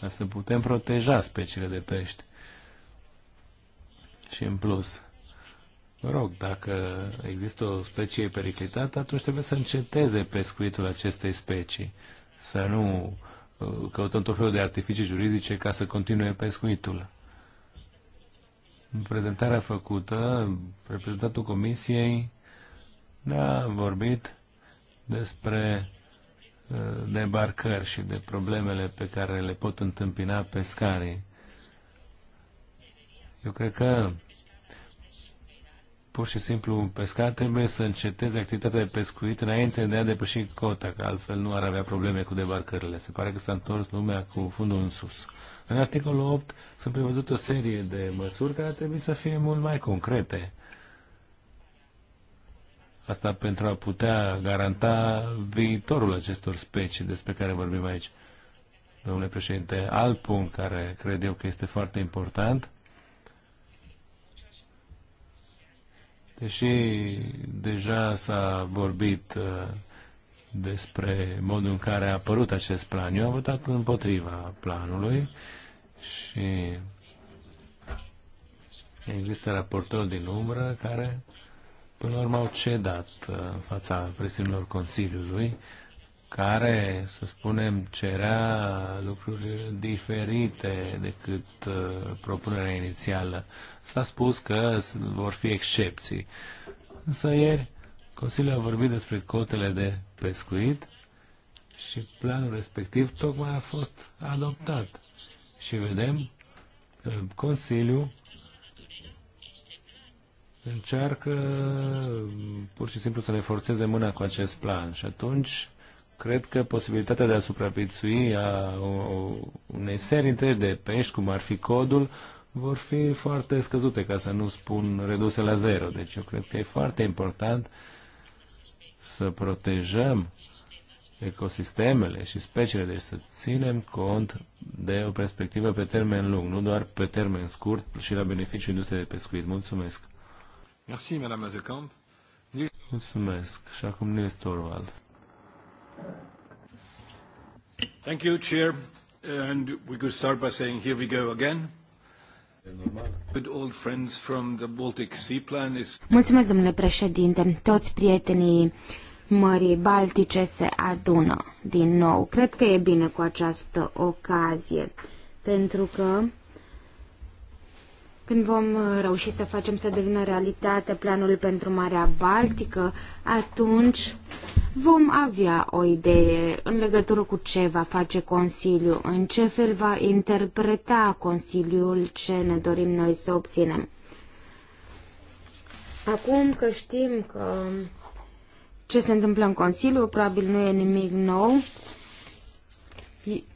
ca să putem proteja speciile de pești. Și în plus, mă rog, dacă există o specie periclitată, atunci trebuie să înceteze pescuitul acestei specii, să nu uh, căutăm tot felul de artificii juridice ca să continue pescuitul. În prezentarea făcută, reprezentantul Comisiei ne-a vorbit despre de barcări și de problemele pe care le pot întâmpina pescarii. Eu cred că pur și simplu pescar trebuie să înceteze activitatea de pescuit înainte de a depăși cota, că altfel nu ar avea probleme cu debarcările. Se pare că s-a întors lumea cu fundul în sus. În articolul 8 sunt prevăzute o serie de măsuri care trebuie să fie mult mai concrete Asta pentru a putea garanta viitorul acestor specii despre care vorbim aici. Domnule președinte, alt punct care cred eu că este foarte important, deși deja s-a vorbit uh, despre modul în care a apărut acest plan. Eu am votat împotriva planului și există raportor din umbră care până la urmă au cedat uh, în fața presiunilor Consiliului, care, să spunem, cerea lucruri diferite decât uh, propunerea inițială. S-a spus că vor fi excepții. Însă ieri Consiliul a vorbit despre cotele de pescuit și planul respectiv tocmai a fost adoptat. Și vedem Consiliul încearcă pur și simplu să ne forțeze mâna cu acest plan și atunci cred că posibilitatea de a supraviețui a unei serii întregi de pești, cum ar fi codul, vor fi foarte scăzute, ca să nu spun reduse la zero. Deci eu cred că e foarte important să protejăm ecosistemele și speciile, deci să ținem cont de o perspectivă pe termen lung, nu doar pe termen scurt și la beneficiu industriei de pescuit. Mulțumesc! Merci, Madame Azekamp. Mulțumesc. Și acum Nils Torvald. Thank you, Chair. And we could start by saying, here we go again. Mulțumesc, domnule președinte. Toți prietenii Mării Baltice se adună din nou. Cred că e bine cu această ocazie, pentru că când vom uh, reuși să facem să devină realitate planul pentru Marea Baltică, atunci vom avea o idee în legătură cu ce va face Consiliul, în ce fel va interpreta Consiliul ce ne dorim noi să obținem. Acum că știm că ce se întâmplă în Consiliu, probabil nu e nimic nou,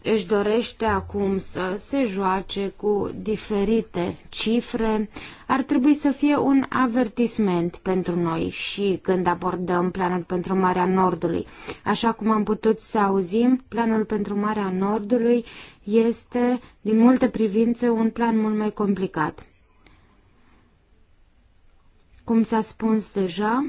își dorește acum să se joace cu diferite cifre, ar trebui să fie un avertisment pentru noi și când abordăm planul pentru Marea Nordului. Așa cum am putut să auzim, planul pentru Marea Nordului este, din multe privințe, un plan mult mai complicat. Cum s-a spus deja,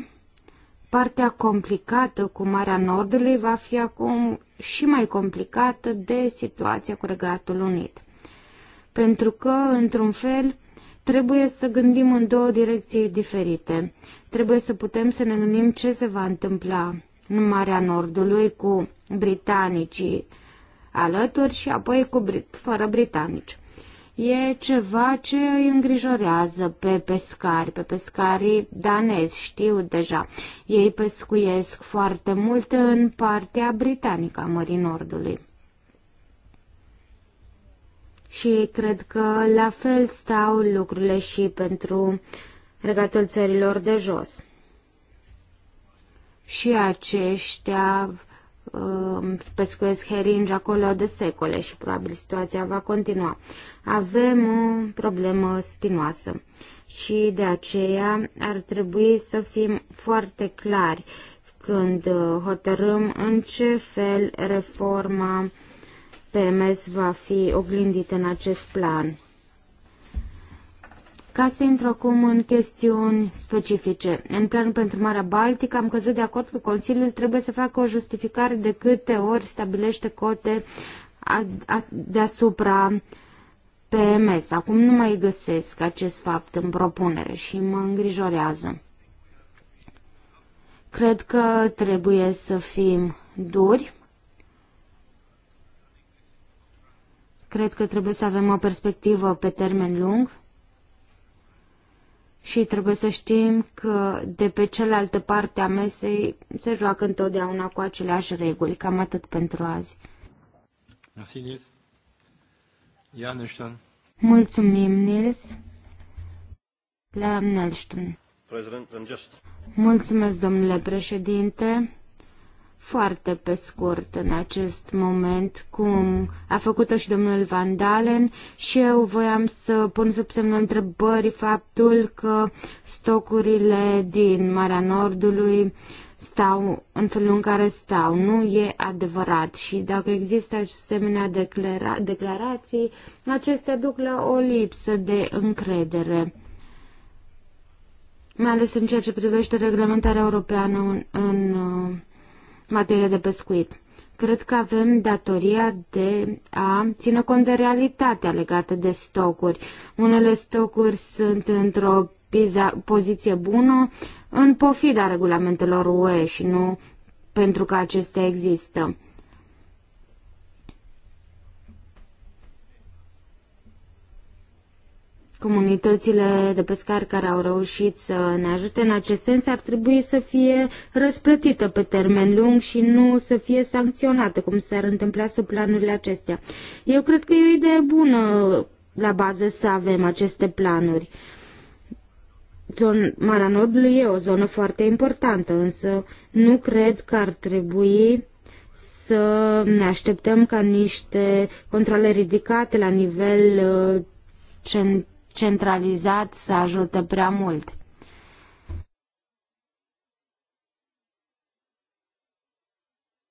Partea complicată cu Marea Nordului va fi acum și mai complicată de situația cu Regatul Unit. Pentru că, într-un fel, trebuie să gândim în două direcții diferite. Trebuie să putem să ne gândim ce se va întâmpla în Marea Nordului cu britanicii alături și apoi cu Brit, fără britanici e ceva ce îi îngrijorează pe pescari, pe pescarii danezi, știu deja. Ei pescuiesc foarte mult în partea britanică a Mării Nordului. Și cred că la fel stau lucrurile și pentru regatul țărilor de jos. Și aceștia Um, pescuiesc heringi acolo de secole și probabil situația va continua. Avem o problemă spinoasă și de aceea ar trebui să fim foarte clari când uh, hotărâm în ce fel reforma PMS va fi oglindită în acest plan. Ca să intru acum în chestiuni specifice, în planul pentru Marea Baltică am căzut de acord că Consiliul trebuie să facă o justificare de câte ori stabilește cote deasupra PMS. Acum nu mai găsesc acest fapt în propunere și mă îngrijorează. Cred că trebuie să fim duri. Cred că trebuie să avem o perspectivă pe termen lung și trebuie să știm că de pe cealaltă parte a mesei se joacă întotdeauna cu aceleași reguli. Cam atât pentru azi. Merci, Nils. Jan Nelson. Mulțumim, Nils. La Nelson. Mulțumesc, domnule președinte foarte pe scurt în acest moment, cum a făcut-o și domnul Van Dalen și eu voiam să pun sub semnul întrebării faptul că stocurile din Marea Nordului stau în felul în care stau. Nu e adevărat și dacă există asemenea declara- declarații, acestea duc la o lipsă de încredere mai ales în ceea ce privește reglementarea europeană în, în materie de pescuit. Cred că avem datoria de a ține cont de realitatea legată de stocuri. Unele stocuri sunt într-o poziție bună în pofida regulamentelor UE și nu pentru că acestea există. comunitățile de pescar care au reușit să ne ajute în acest sens ar trebui să fie răsplătită pe termen lung și nu să fie sancționată, cum s-ar întâmpla sub planurile acestea. Eu cred că e o idee bună la bază să avem aceste planuri. Zon, Marea Nordului e o zonă foarte importantă, însă nu cred că ar trebui să ne așteptăm ca niște controle ridicate la nivel uh, cent centralizat să ajute prea mult.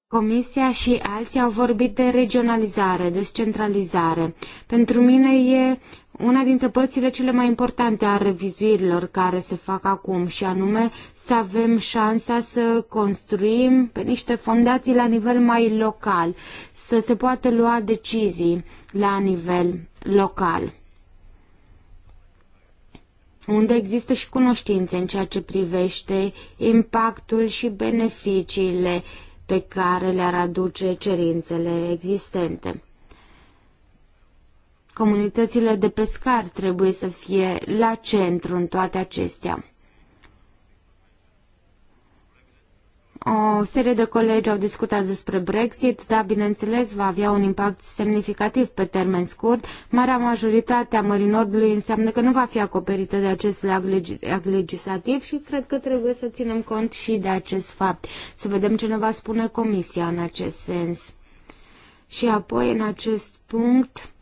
Comisia și alții au vorbit de regionalizare, descentralizare. Pentru mine e una dintre părțile cele mai importante a revizuirilor care se fac acum și anume să avem șansa să construim pe niște fondații la nivel mai local, să se poată lua decizii la nivel local unde există și cunoștințe în ceea ce privește impactul și beneficiile pe care le-ar aduce cerințele existente. Comunitățile de pescar trebuie să fie la centru în toate acestea. O serie de colegi au discutat despre Brexit, dar bineînțeles va avea un impact semnificativ pe termen scurt. Marea majoritate a Mării Nordului înseamnă că nu va fi acoperită de acest lag legislativ și cred că trebuie să ținem cont și de acest fapt. Să vedem ce ne va spune Comisia în acest sens. Și apoi, în acest punct,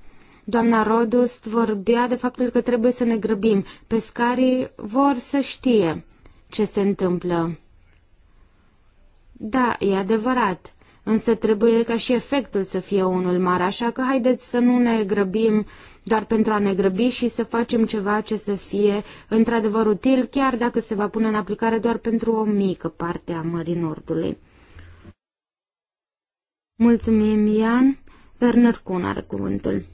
doamna Rodust vorbea de faptul că trebuie să ne grăbim. Pescarii vor să știe ce se întâmplă. Da, e adevărat, însă trebuie ca și efectul să fie unul mare, așa că haideți să nu ne grăbim doar pentru a ne grăbi și să facem ceva ce să fie într-adevăr util, chiar dacă se va pune în aplicare doar pentru o mică parte a Mării Nordului. Mulțumim, Ian. Werner Kuhn are cuvântul.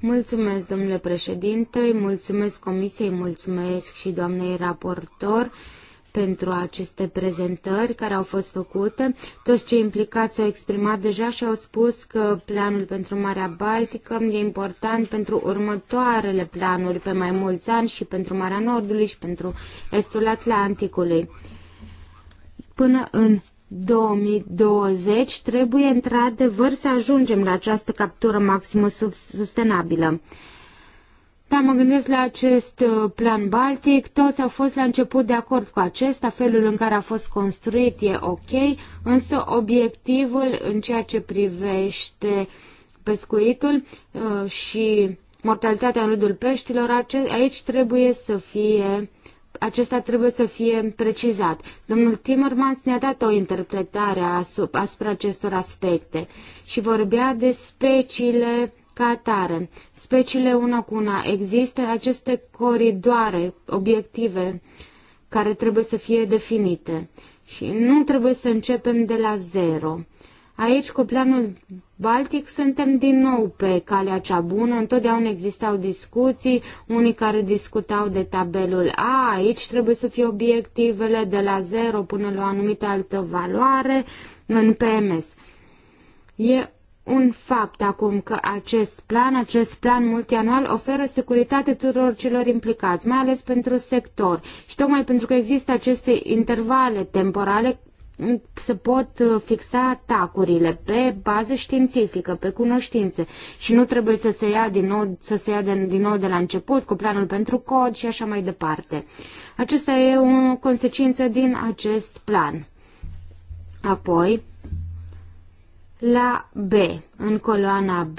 Mulțumesc, domnule președinte, mulțumesc comisiei, mulțumesc și doamnei raportor pentru aceste prezentări care au fost făcute. Toți cei implicați au exprimat deja și au spus că planul pentru Marea Baltică e important pentru următoarele planuri pe mai mulți ani și pentru Marea Nordului și pentru Estul Atlanticului. Până în 2020 trebuie într-adevăr să ajungem la această captură maximă sustenabilă. Ca da, mă gândesc la acest uh, plan baltic, toți au fost la început de acord cu acesta, felul în care a fost construit e ok, însă obiectivul în ceea ce privește pescuitul uh, și mortalitatea în rândul peștilor, aici trebuie să fie acesta trebuie să fie precizat. Domnul Timmermans ne-a dat o interpretare asupra acestor aspecte și vorbea de speciile ca atare, speciile una cu una există aceste coridoare obiective care trebuie să fie definite și nu trebuie să începem de la zero. Aici, cu planul Baltic, suntem din nou pe calea cea bună. Întotdeauna existau discuții, unii care discutau de tabelul A, aici trebuie să fie obiectivele de la zero până la o anumită altă valoare în PMS. E un fapt acum că acest plan, acest plan multianual oferă securitate tuturor celor implicați, mai ales pentru sector. Și tocmai pentru că există aceste intervale temporale se pot uh, fixa atacurile pe bază științifică, pe cunoștințe și nu trebuie să se ia din nou, să se ia de, din nou de la început cu planul pentru cod și așa mai departe. Acesta e o consecință din acest plan. Apoi, la B, în coloana B,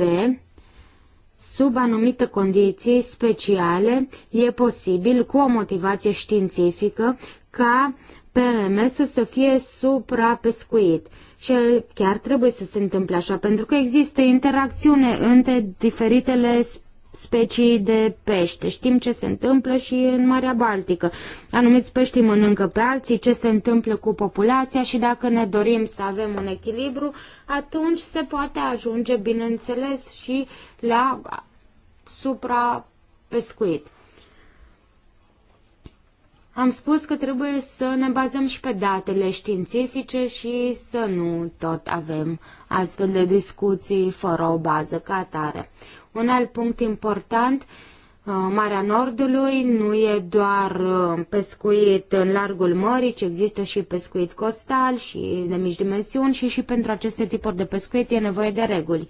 sub anumite condiții speciale, e posibil, cu o motivație științifică, ca PMS-ul să fie suprapescuit. Și chiar trebuie să se întâmple așa, pentru că există interacțiune între diferitele specii de pește. Știm ce se întâmplă și în Marea Baltică. Anumiți pești mănâncă pe alții, ce se întâmplă cu populația și dacă ne dorim să avem un echilibru, atunci se poate ajunge, bineînțeles, și la suprapescuit. Am spus că trebuie să ne bazăm și pe datele științifice și să nu tot avem astfel de discuții fără o bază ca atare. Un alt punct important, uh, Marea Nordului nu e doar uh, pescuit în largul mării, ci există și pescuit costal și de mici dimensiuni și și pentru aceste tipuri de pescuit e nevoie de reguli.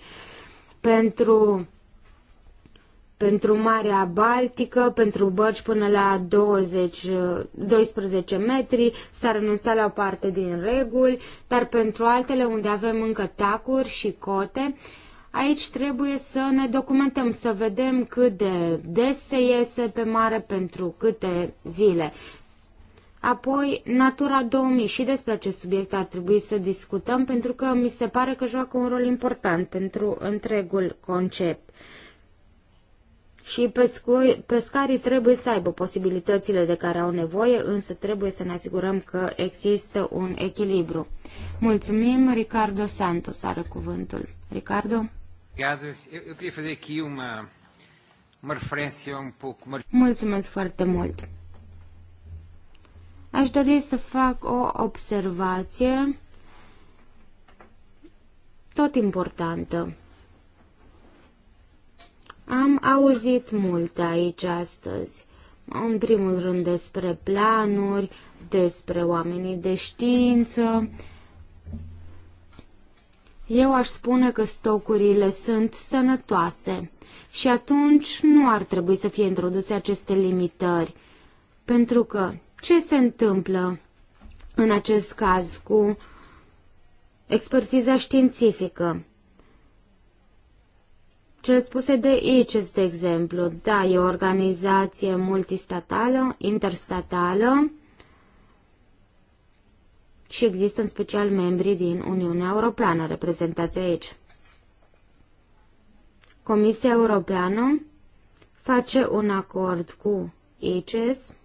Pentru pentru Marea Baltică, pentru bărci până la 20, 12 uh, metri, s-a renunțat la o parte din reguli, dar pentru altele unde avem încă tacuri și cote, uh, Aici trebuie să ne documentăm, să vedem cât de des se iese pe mare pentru câte zile. Apoi, Natura 2000 și despre acest subiect ar trebui să discutăm pentru că mi se pare că joacă un rol important pentru întregul concept. Și pescui, pescarii trebuie să aibă posibilitățile de care au nevoie, însă trebuie să ne asigurăm că există un echilibru. Mulțumim, Ricardo Santos are cuvântul. Ricardo? Obrigado. Eu, eu queria fazer aqui uma, uma referência um pouco... Mulțumesc foarte mult. Aș dori să fac o observație tot importantă. Am auzit multe aici astăzi. În primul rând despre planuri, despre oamenii de știință, eu aș spune că stocurile sunt sănătoase și atunci nu ar trebui să fie introduse aceste limitări. Pentru că ce se întâmplă în acest caz cu expertiza științifică? Cel spuse de ICES, de exemplu, da, e o organizație multistatală, interstatală, și există în special membrii din Uniunea Europeană reprezentați aici. Comisia Europeană face un acord cu ICES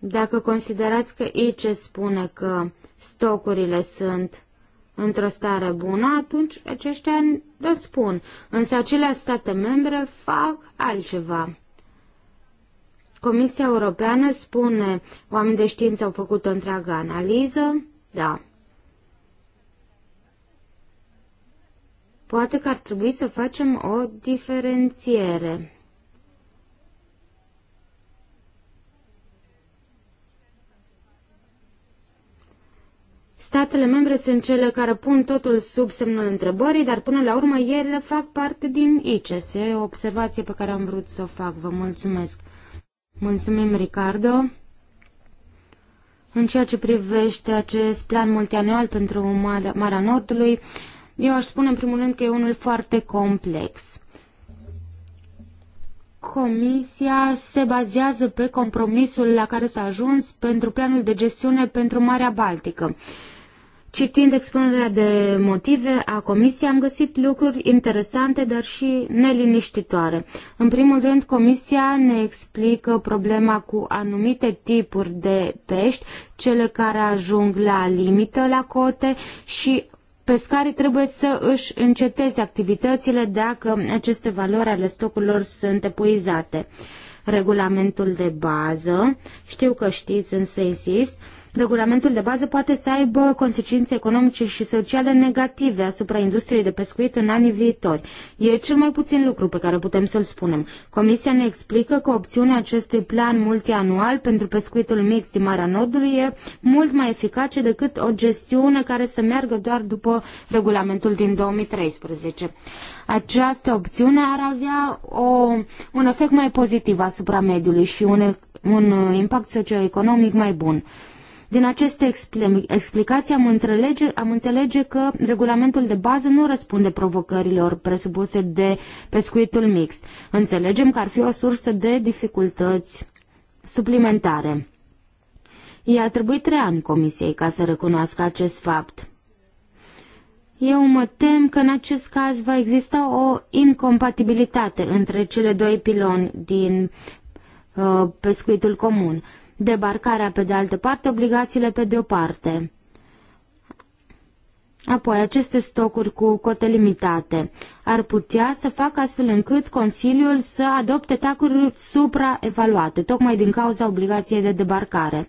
Dacă considerați că ICE spune că stocurile sunt într-o stare bună, atunci aceștia răspun, Însă acele state membre fac altceva. Comisia Europeană spune, oameni de știință au făcut o întreagă analiză, da. Poate că ar trebui să facem o diferențiere. Statele membre sunt cele care pun totul sub semnul întrebării, dar până la urmă ele fac parte din ICS. E o observație pe care am vrut să o fac. Vă mulțumesc. Mulțumim, Ricardo. În ceea ce privește acest plan multianual pentru Marea, Nordului, eu aș spune în primul rând că e unul foarte complex. Comisia se bazează pe compromisul la care s-a ajuns pentru planul de gestiune pentru Marea Baltică. Citind expunerea de motive a comisiei, am găsit lucruri interesante, dar și neliniștitoare. În primul rând, comisia ne explică problema cu anumite tipuri de pești, cele care ajung la limită la cote și pescarii trebuie să își înceteze activitățile dacă aceste valori ale stocurilor sunt epuizate. Regulamentul de bază, știu că știți, însă insist, Regulamentul de bază poate să aibă consecințe economice și sociale negative asupra industriei de pescuit în anii viitori. E cel mai puțin lucru pe care putem să-l spunem. Comisia ne explică că opțiunea acestui plan multianual pentru pescuitul mix din Marea Nordului e mult mai eficace decât o gestiune care să meargă doar după regulamentul din 2013 această opțiune ar avea o, un efect mai pozitiv asupra mediului și un, un impact socioeconomic mai bun. Din aceste explicații am, înțelege, am înțelege că regulamentul de bază nu răspunde provocărilor presupuse de pescuitul mix. Înțelegem că ar fi o sursă de dificultăți suplimentare. I-a trebuit trei ani comisiei ca să recunoască acest fapt. Eu mă tem că în acest caz va exista o incompatibilitate între cele doi piloni din uh, pescuitul comun debarcarea pe de altă parte, obligațiile pe de o parte. Apoi, aceste stocuri cu cote limitate ar putea să facă astfel încât Consiliul să adopte tacuri supraevaluate, tocmai din cauza obligației de debarcare.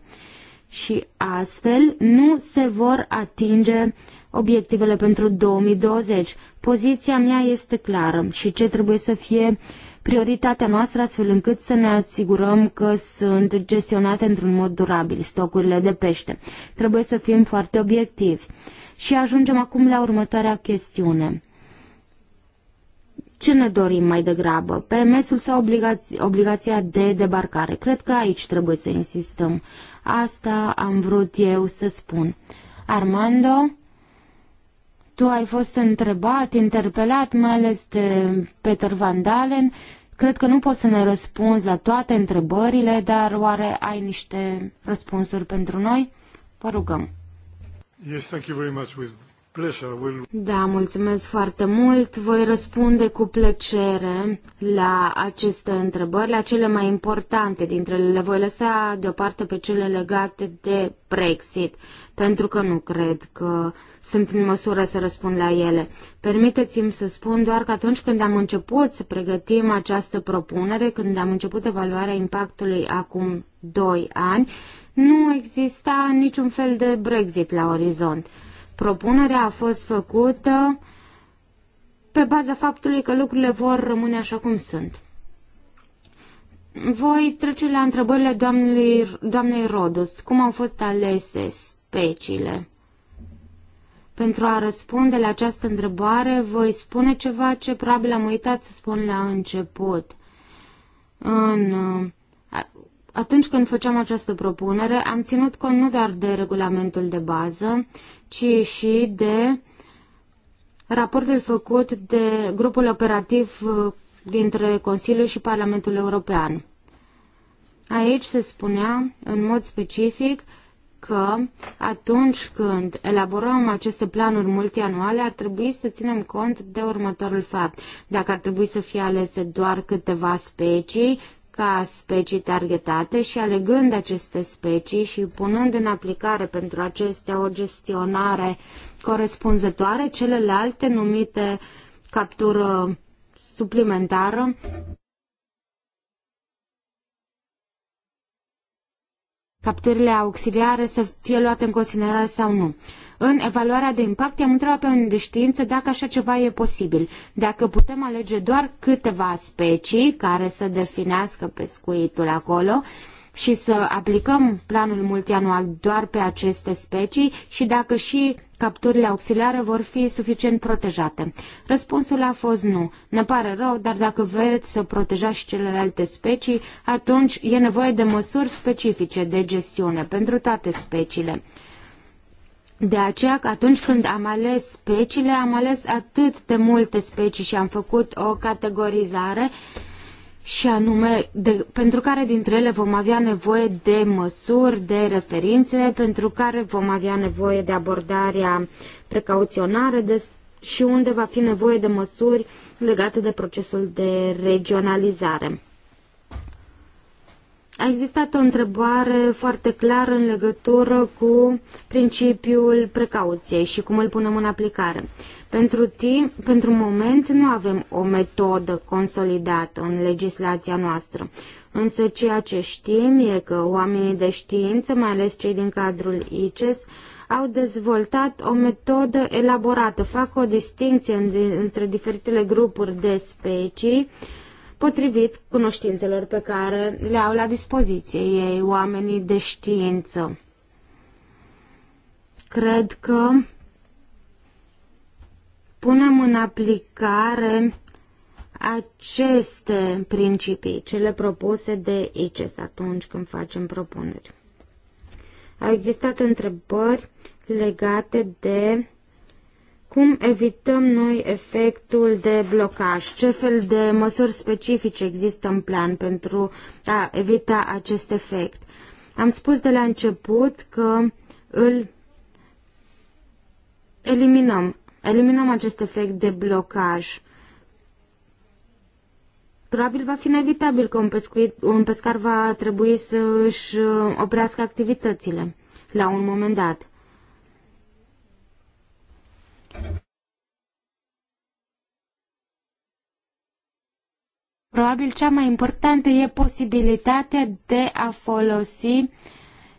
Și astfel nu se vor atinge obiectivele pentru 2020. Poziția mea este clară și ce trebuie să fie uh, prioritatea noastră astfel încât să ne asigurăm că sunt gestionate într-un mod durabil stocurile de pește. Trebuie să fim foarte obiectivi. Și ajungem acum la următoarea chestiune. Ce ne dorim mai degrabă? PMS-ul sau obligați, obligația de debarcare? Cred că aici trebuie să insistăm. Asta am vrut eu să spun. Armando? Tu ai fost întrebat, interpelat, mai ales de Peter Van Dalen. Cred că nu poți să ne răspunzi la toate întrebările, dar oare ai niște răspunsuri pentru noi? Vă rugăm. Yes, thank you very much. With da, mulțumesc foarte mult. Voi răspunde cu plăcere la aceste întrebări, la cele mai importante dintre ele. Le voi lăsa deoparte pe cele legate de Brexit, pentru că nu cred că sunt în măsură să răspund la ele. Permiteți-mi să spun doar că atunci când am început să pregătim această propunere, când am început evaluarea impactului acum 2 ani, nu exista niciun fel de Brexit la orizont. Propunerea a fost făcută pe baza faptului că lucrurile vor rămâne așa cum sunt. Voi trece la întrebările doamnei, doamnei Rodos. Cum au fost alese speciile? Pentru a răspunde la această întrebare, voi spune ceva ce probabil am uitat să spun la început. În, atunci când făceam această propunere, am ținut cont nu doar de regulamentul de bază, ci și de raportul făcut de grupul operativ uh, dintre Consiliu și Parlamentul European. Aici se spunea în mod specific că atunci când elaborăm aceste planuri multianuale ar trebui să ținem cont de următorul fapt. Dacă ar trebui să fie alese doar câteva specii ca specii targetate și alegând aceste specii și punând în aplicare pentru acestea o gestionare corespunzătoare, celelalte numite captură suplimentară. Capturile auxiliare să fie luate în considerare sau nu. În evaluarea de impact am întrebat pe un de știință dacă așa ceva e posibil, dacă putem alege doar câteva specii care să definească pescuitul acolo, și să aplicăm planul multianual doar pe aceste specii și dacă și capturile auxiliare vor fi suficient protejate. Răspunsul a fost nu. Ne pare rău, dar dacă vreți să protejați și celelalte specii, atunci e nevoie de măsuri specifice de gestiune pentru toate speciile. De aceea că atunci când am ales speciile, am ales atât de multe specii și am făcut o categorizare și anume de, pentru care dintre ele vom avea nevoie de măsuri, de referințe, pentru care vom avea nevoie de abordarea precauționară de, și unde va fi nevoie de măsuri legate de procesul de regionalizare. A existat o întrebare foarte clară în legătură cu principiul precauției și cum îl punem în aplicare. Pentru, timp, pentru moment nu avem o metodă consolidată în legislația noastră, însă ceea ce știm e că oamenii de știință, mai ales cei din cadrul ICES, au dezvoltat o metodă elaborată. Fac o distinție între diferitele grupuri de specii uh, potrivit cunoștințelor pe care le au la dispoziție ei, oamenii de știință. Cred că punem în aplicare aceste principii, cele propuse de ICES atunci când facem propuneri. Au existat întrebări legate de cum evităm noi efectul de blocaj? Ce fel de măsuri specifice există în plan pentru a evita acest efect? Am spus de la început că îl eliminăm. Eliminăm acest efect de blocaj. Probabil va fi inevitabil că un, pescuit, un pescar va trebui să își oprească activitățile la un moment dat. Probabil cea mai importantă e posibilitatea de a folosi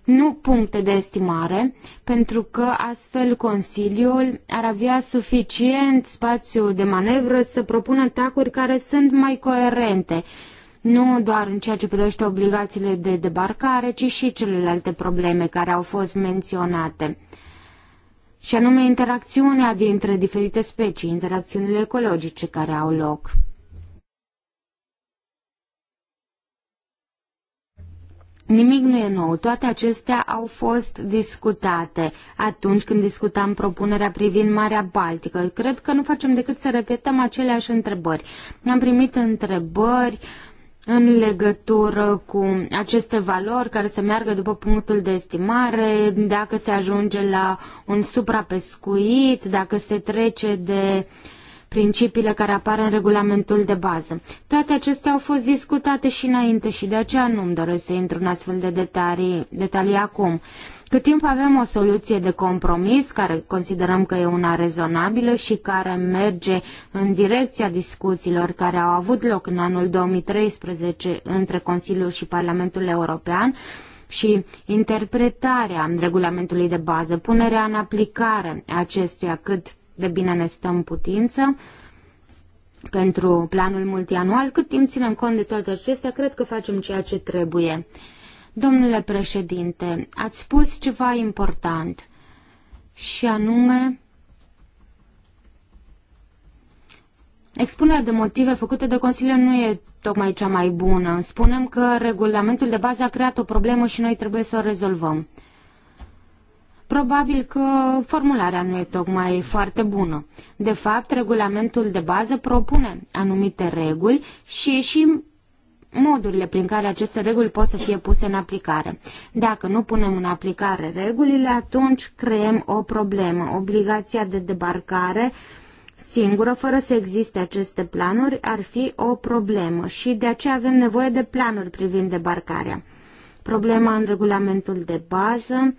nu puncte de estimare, pentru că astfel Consiliul ar avea suficient spațiu de manevră să propună atacuri care sunt mai coerente, nu doar în ceea ce privește obligațiile de debarcare, ci și celelalte probleme care au fost menționate și anume interacțiunea dintre diferite specii, interacțiunile ecologice care au loc. Nimic nu e nou, toate acestea au fost discutate atunci când discutam propunerea privind Marea Baltică. Cred că nu facem decât să repetăm aceleași întrebări. Am primit întrebări în legătură cu aceste valori care se meargă după punctul de estimare, dacă se ajunge la un suprapescuit, dacă se trece de uh, principiile care apar în regulamentul de bază. Toate acestea au fost discutate și înainte și de aceea nu îmi doresc să intru în astfel de detalii, detalii acum. Cât timp avem o soluție de compromis, care considerăm că e una rezonabilă și care merge în direcția discuțiilor care au avut loc în anul 2013 între Consiliul și Parlamentul European, și interpretarea regulamentului de bază, punerea în aplicare acestuia cât de bine ne stăm putință pentru planul multianual. Cât timp ținem cont de toate acestea, cred că facem ceea ce trebuie. Domnule președinte, ați spus ceva important și anume Expunerea de motive făcută de Consiliu nu e tocmai cea mai bună. Spunem că regulamentul de bază a creat o problemă și noi trebuie să o rezolvăm. Probabil că formularea nu e tocmai foarte bună. De fapt, regulamentul de bază propune anumite reguli și și modurile prin care aceste reguli pot să fie puse în aplicare. Dacă nu punem în aplicare regulile, atunci creăm o problemă. Obligația de debarcare singură, fără să existe aceste planuri, ar fi o problemă și de aceea avem nevoie de planuri privind debarcarea. Problema în regulamentul de bază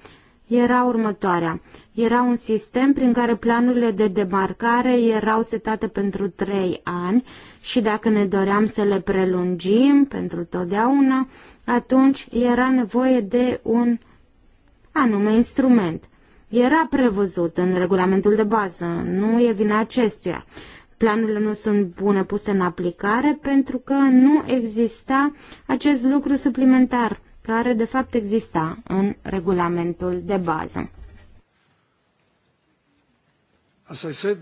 era următoarea. Era un sistem prin care planurile de demarcare erau setate pentru trei ani și dacă ne doream să le prelungim pentru totdeauna, atunci era nevoie de un anume instrument. Era prevăzut în regulamentul de bază, nu e vina acestuia. Planurile nu sunt bune puse în aplicare pentru că nu exista acest lucru suplimentar care de fapt exista în regulamentul de bază. As I said,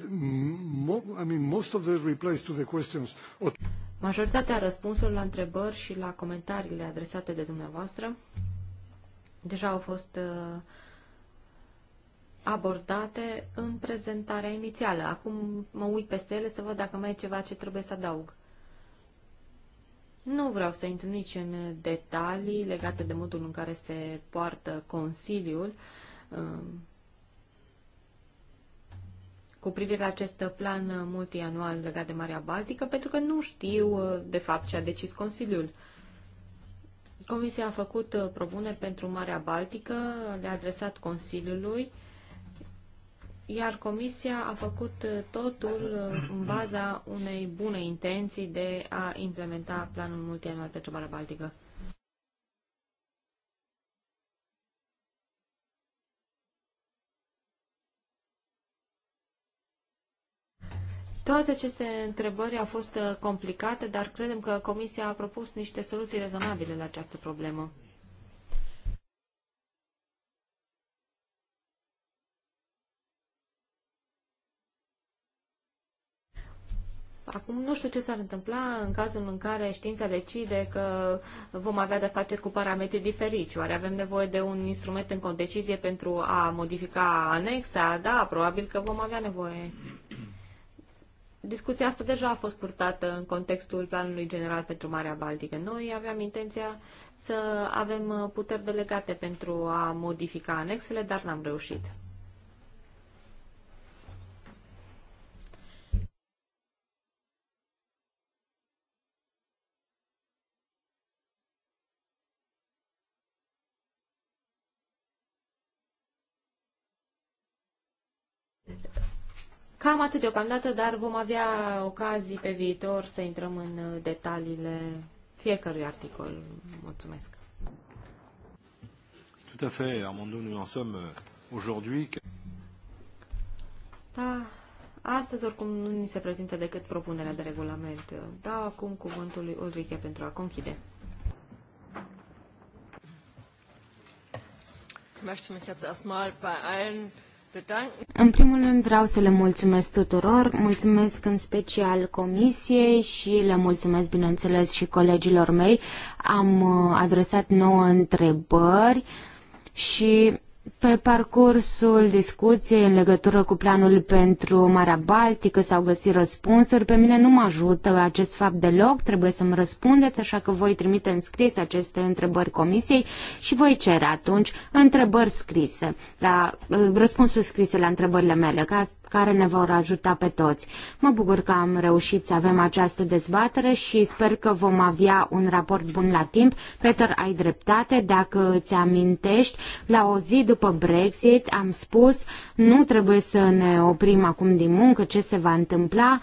mo I mean, most of the replies to the questions... Majoritatea răspunsurilor la întrebări și la comentariile adresate de dumneavoastră deja au fost uh, abordate în prezentarea inițială. Acum mă uit peste ele să văd dacă mai e ceva ce trebuie să adaug. Nu vreau să intru nici în detalii legate de modul în care se poartă Consiliul um, cu privire la acest plan multianual legat de Marea Baltică, pentru că nu știu, uh, de fapt, ce a decis Consiliul. Comisia a făcut uh, propuneri pentru Marea Baltică, le-a adresat Consiliului iar Comisia a făcut uh, totul uh, în baza unei bune intenții de a implementa planul multianual pentru Marea Baltică. Toate aceste întrebări au fost uh, complicate, dar credem că Comisia a propus niște soluții rezonabile la această problemă. Acum nu știu ce s-ar întâmpla în cazul în care știința decide că vom avea de face cu parametri diferiți. Oare avem nevoie de un instrument în decizie pentru a modifica anexa? Da, probabil că vom avea nevoie. Discuția asta deja a fost purtată în contextul planului general pentru Marea Baltică. Noi aveam intenția să avem puteri delegate pentru a modifica anexele, dar n-am reușit. Cam atât deocamdată, dar vom avea ocazii pe viitor să intrăm în uh, detaliile fiecărui articol. Mulțumesc. Tout à fait, Armando, nous en sommes euh, aujourd'hui. Da, astăzi oricum nu ni se prezintă decât propunerea de regulament. Dau acum cuvântul lui Ulrike pentru a conchide. Ich möchte mich jetzt erstmal bei allen în primul rând vreau să le mulțumesc tuturor, mulțumesc în special comisiei și le mulțumesc bineînțeles și colegilor mei. Am uh, adresat nouă întrebări și pe parcursul discuției în legătură cu planul pentru Marea Baltică s-au găsit răspunsuri. Pe mine nu mă ajută acest fapt deloc, trebuie să-mi răspundeți, așa că voi trimite în scris aceste întrebări comisiei și voi cere atunci întrebări scrise, la, răspunsuri scrise la întrebările mele, ca care ne vor ajuta pe toți. Mă bucur că am reușit să avem această dezbatere și sper că vom avea un raport bun la timp. Peter, ai dreptate, dacă îți amintești, la o zi după Brexit am spus nu trebuie să ne oprim acum din muncă, ce se va întâmpla,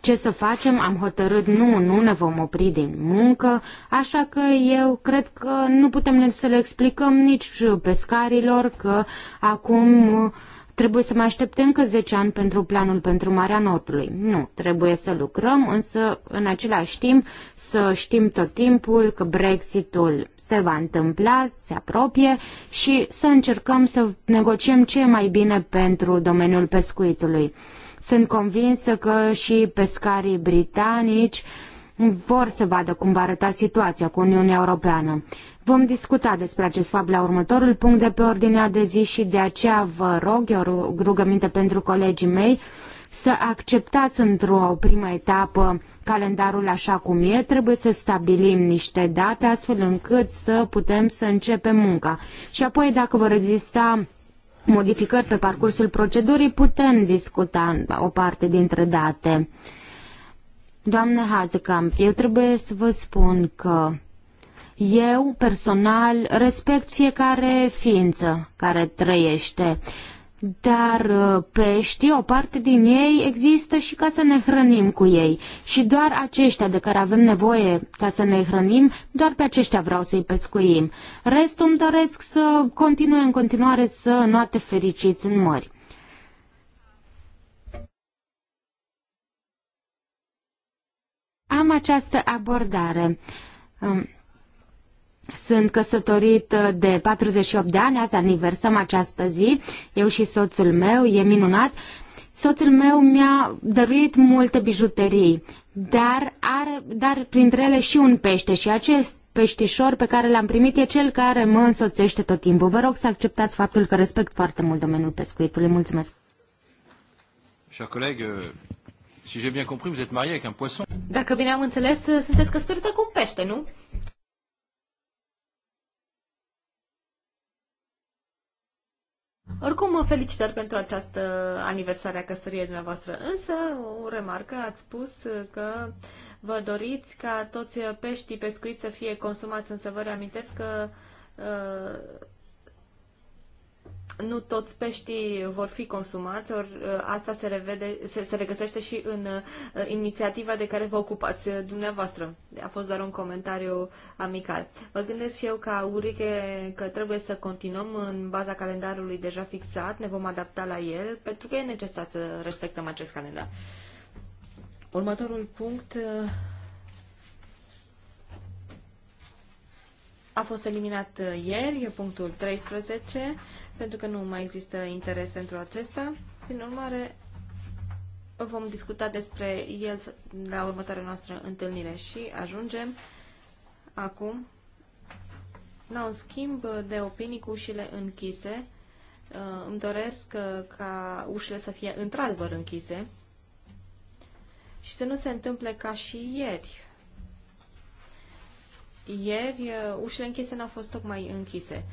ce să facem, am hotărât nu, nu ne vom opri din muncă, așa că eu cred că nu putem să le explicăm nici pescarilor că acum uh, Trebuie să mai aștepte încă 10 ani pentru planul pentru Marea Nordului. Nu, trebuie să lucrăm, însă în același timp să știm tot timpul că Brexitul se va întâmpla, se apropie și să încercăm să negociem ce e mai bine pentru domeniul pescuitului. Sunt convinsă că și pescarii britanici vor să vadă cum va arăta situația cu Uniunea Europeană. Vom discuta despre acest fapt la următorul punct de pe ordinea de zi și de aceea vă rog, eu rugăminte pentru colegii mei, să acceptați într-o primă etapă calendarul așa cum e, trebuie să stabilim niște date astfel încât să putem să începem munca. Și apoi, dacă vor exista modificări pe parcursul procedurii, putem discuta o parte dintre date. Doamne Hazekamp, eu trebuie să vă spun că eu, personal, respect fiecare ființă care trăiește, dar uh, pești, o parte din ei există și ca să ne hrănim cu ei. Și doar aceștia de care avem nevoie ca să ne hrănim, doar pe aceștia vreau să-i pescuim. Restul îmi doresc să continue în continuare să noate fericiți în mări. Am această abordare. Um, sunt căsătorit uh, de 48 de ani, azi aniversăm această zi, eu și soțul meu, e minunat. Soțul meu mi-a dăruit multe bijuterii, dar, are, dar printre ele și un pește și acest peștișor pe care l-am primit e cel care mă însoțește tot timpul. Vă rog să acceptați faptul că respect foarte mult domeniul pescuitului. Mulțumesc! Chers collègues, euh, si j'ai bien compris, vous êtes marié avec un poisson. Dacă bine am înțeles, sunteți căsătorită cu un pește, nu? Oricum, felicitări pentru această aniversare a căsătoriei dumneavoastră, însă o remarcă, ați spus că vă doriți ca toți peștii pescuiți să fie consumați, însă vă reamintesc că uh, nu toți peștii vor fi consumați, ori ă, asta se, revede, se, se regăsește și în uh, inițiativa de care vă ocupați ă, dumneavoastră. A fost doar un comentariu amical. Mă gândesc și eu ca urică că trebuie să continuăm în baza calendarului deja fixat, ne vom adapta la el, pentru că e necesar să respectăm acest calendar. Următorul punct uh, a fost eliminat ieri, punctul 13, pentru că nu mai există interes pentru acesta. Prin urmare, vom discuta despre el la următoarea noastră întâlnire și ajungem acum la un schimb de opinii cu ușile închise. Uh, îmi doresc uh, ca ușile să fie într-adevăr închise și să nu se întâmple ca și ieri. Ieri uh, ușile închise n-au fost tocmai închise.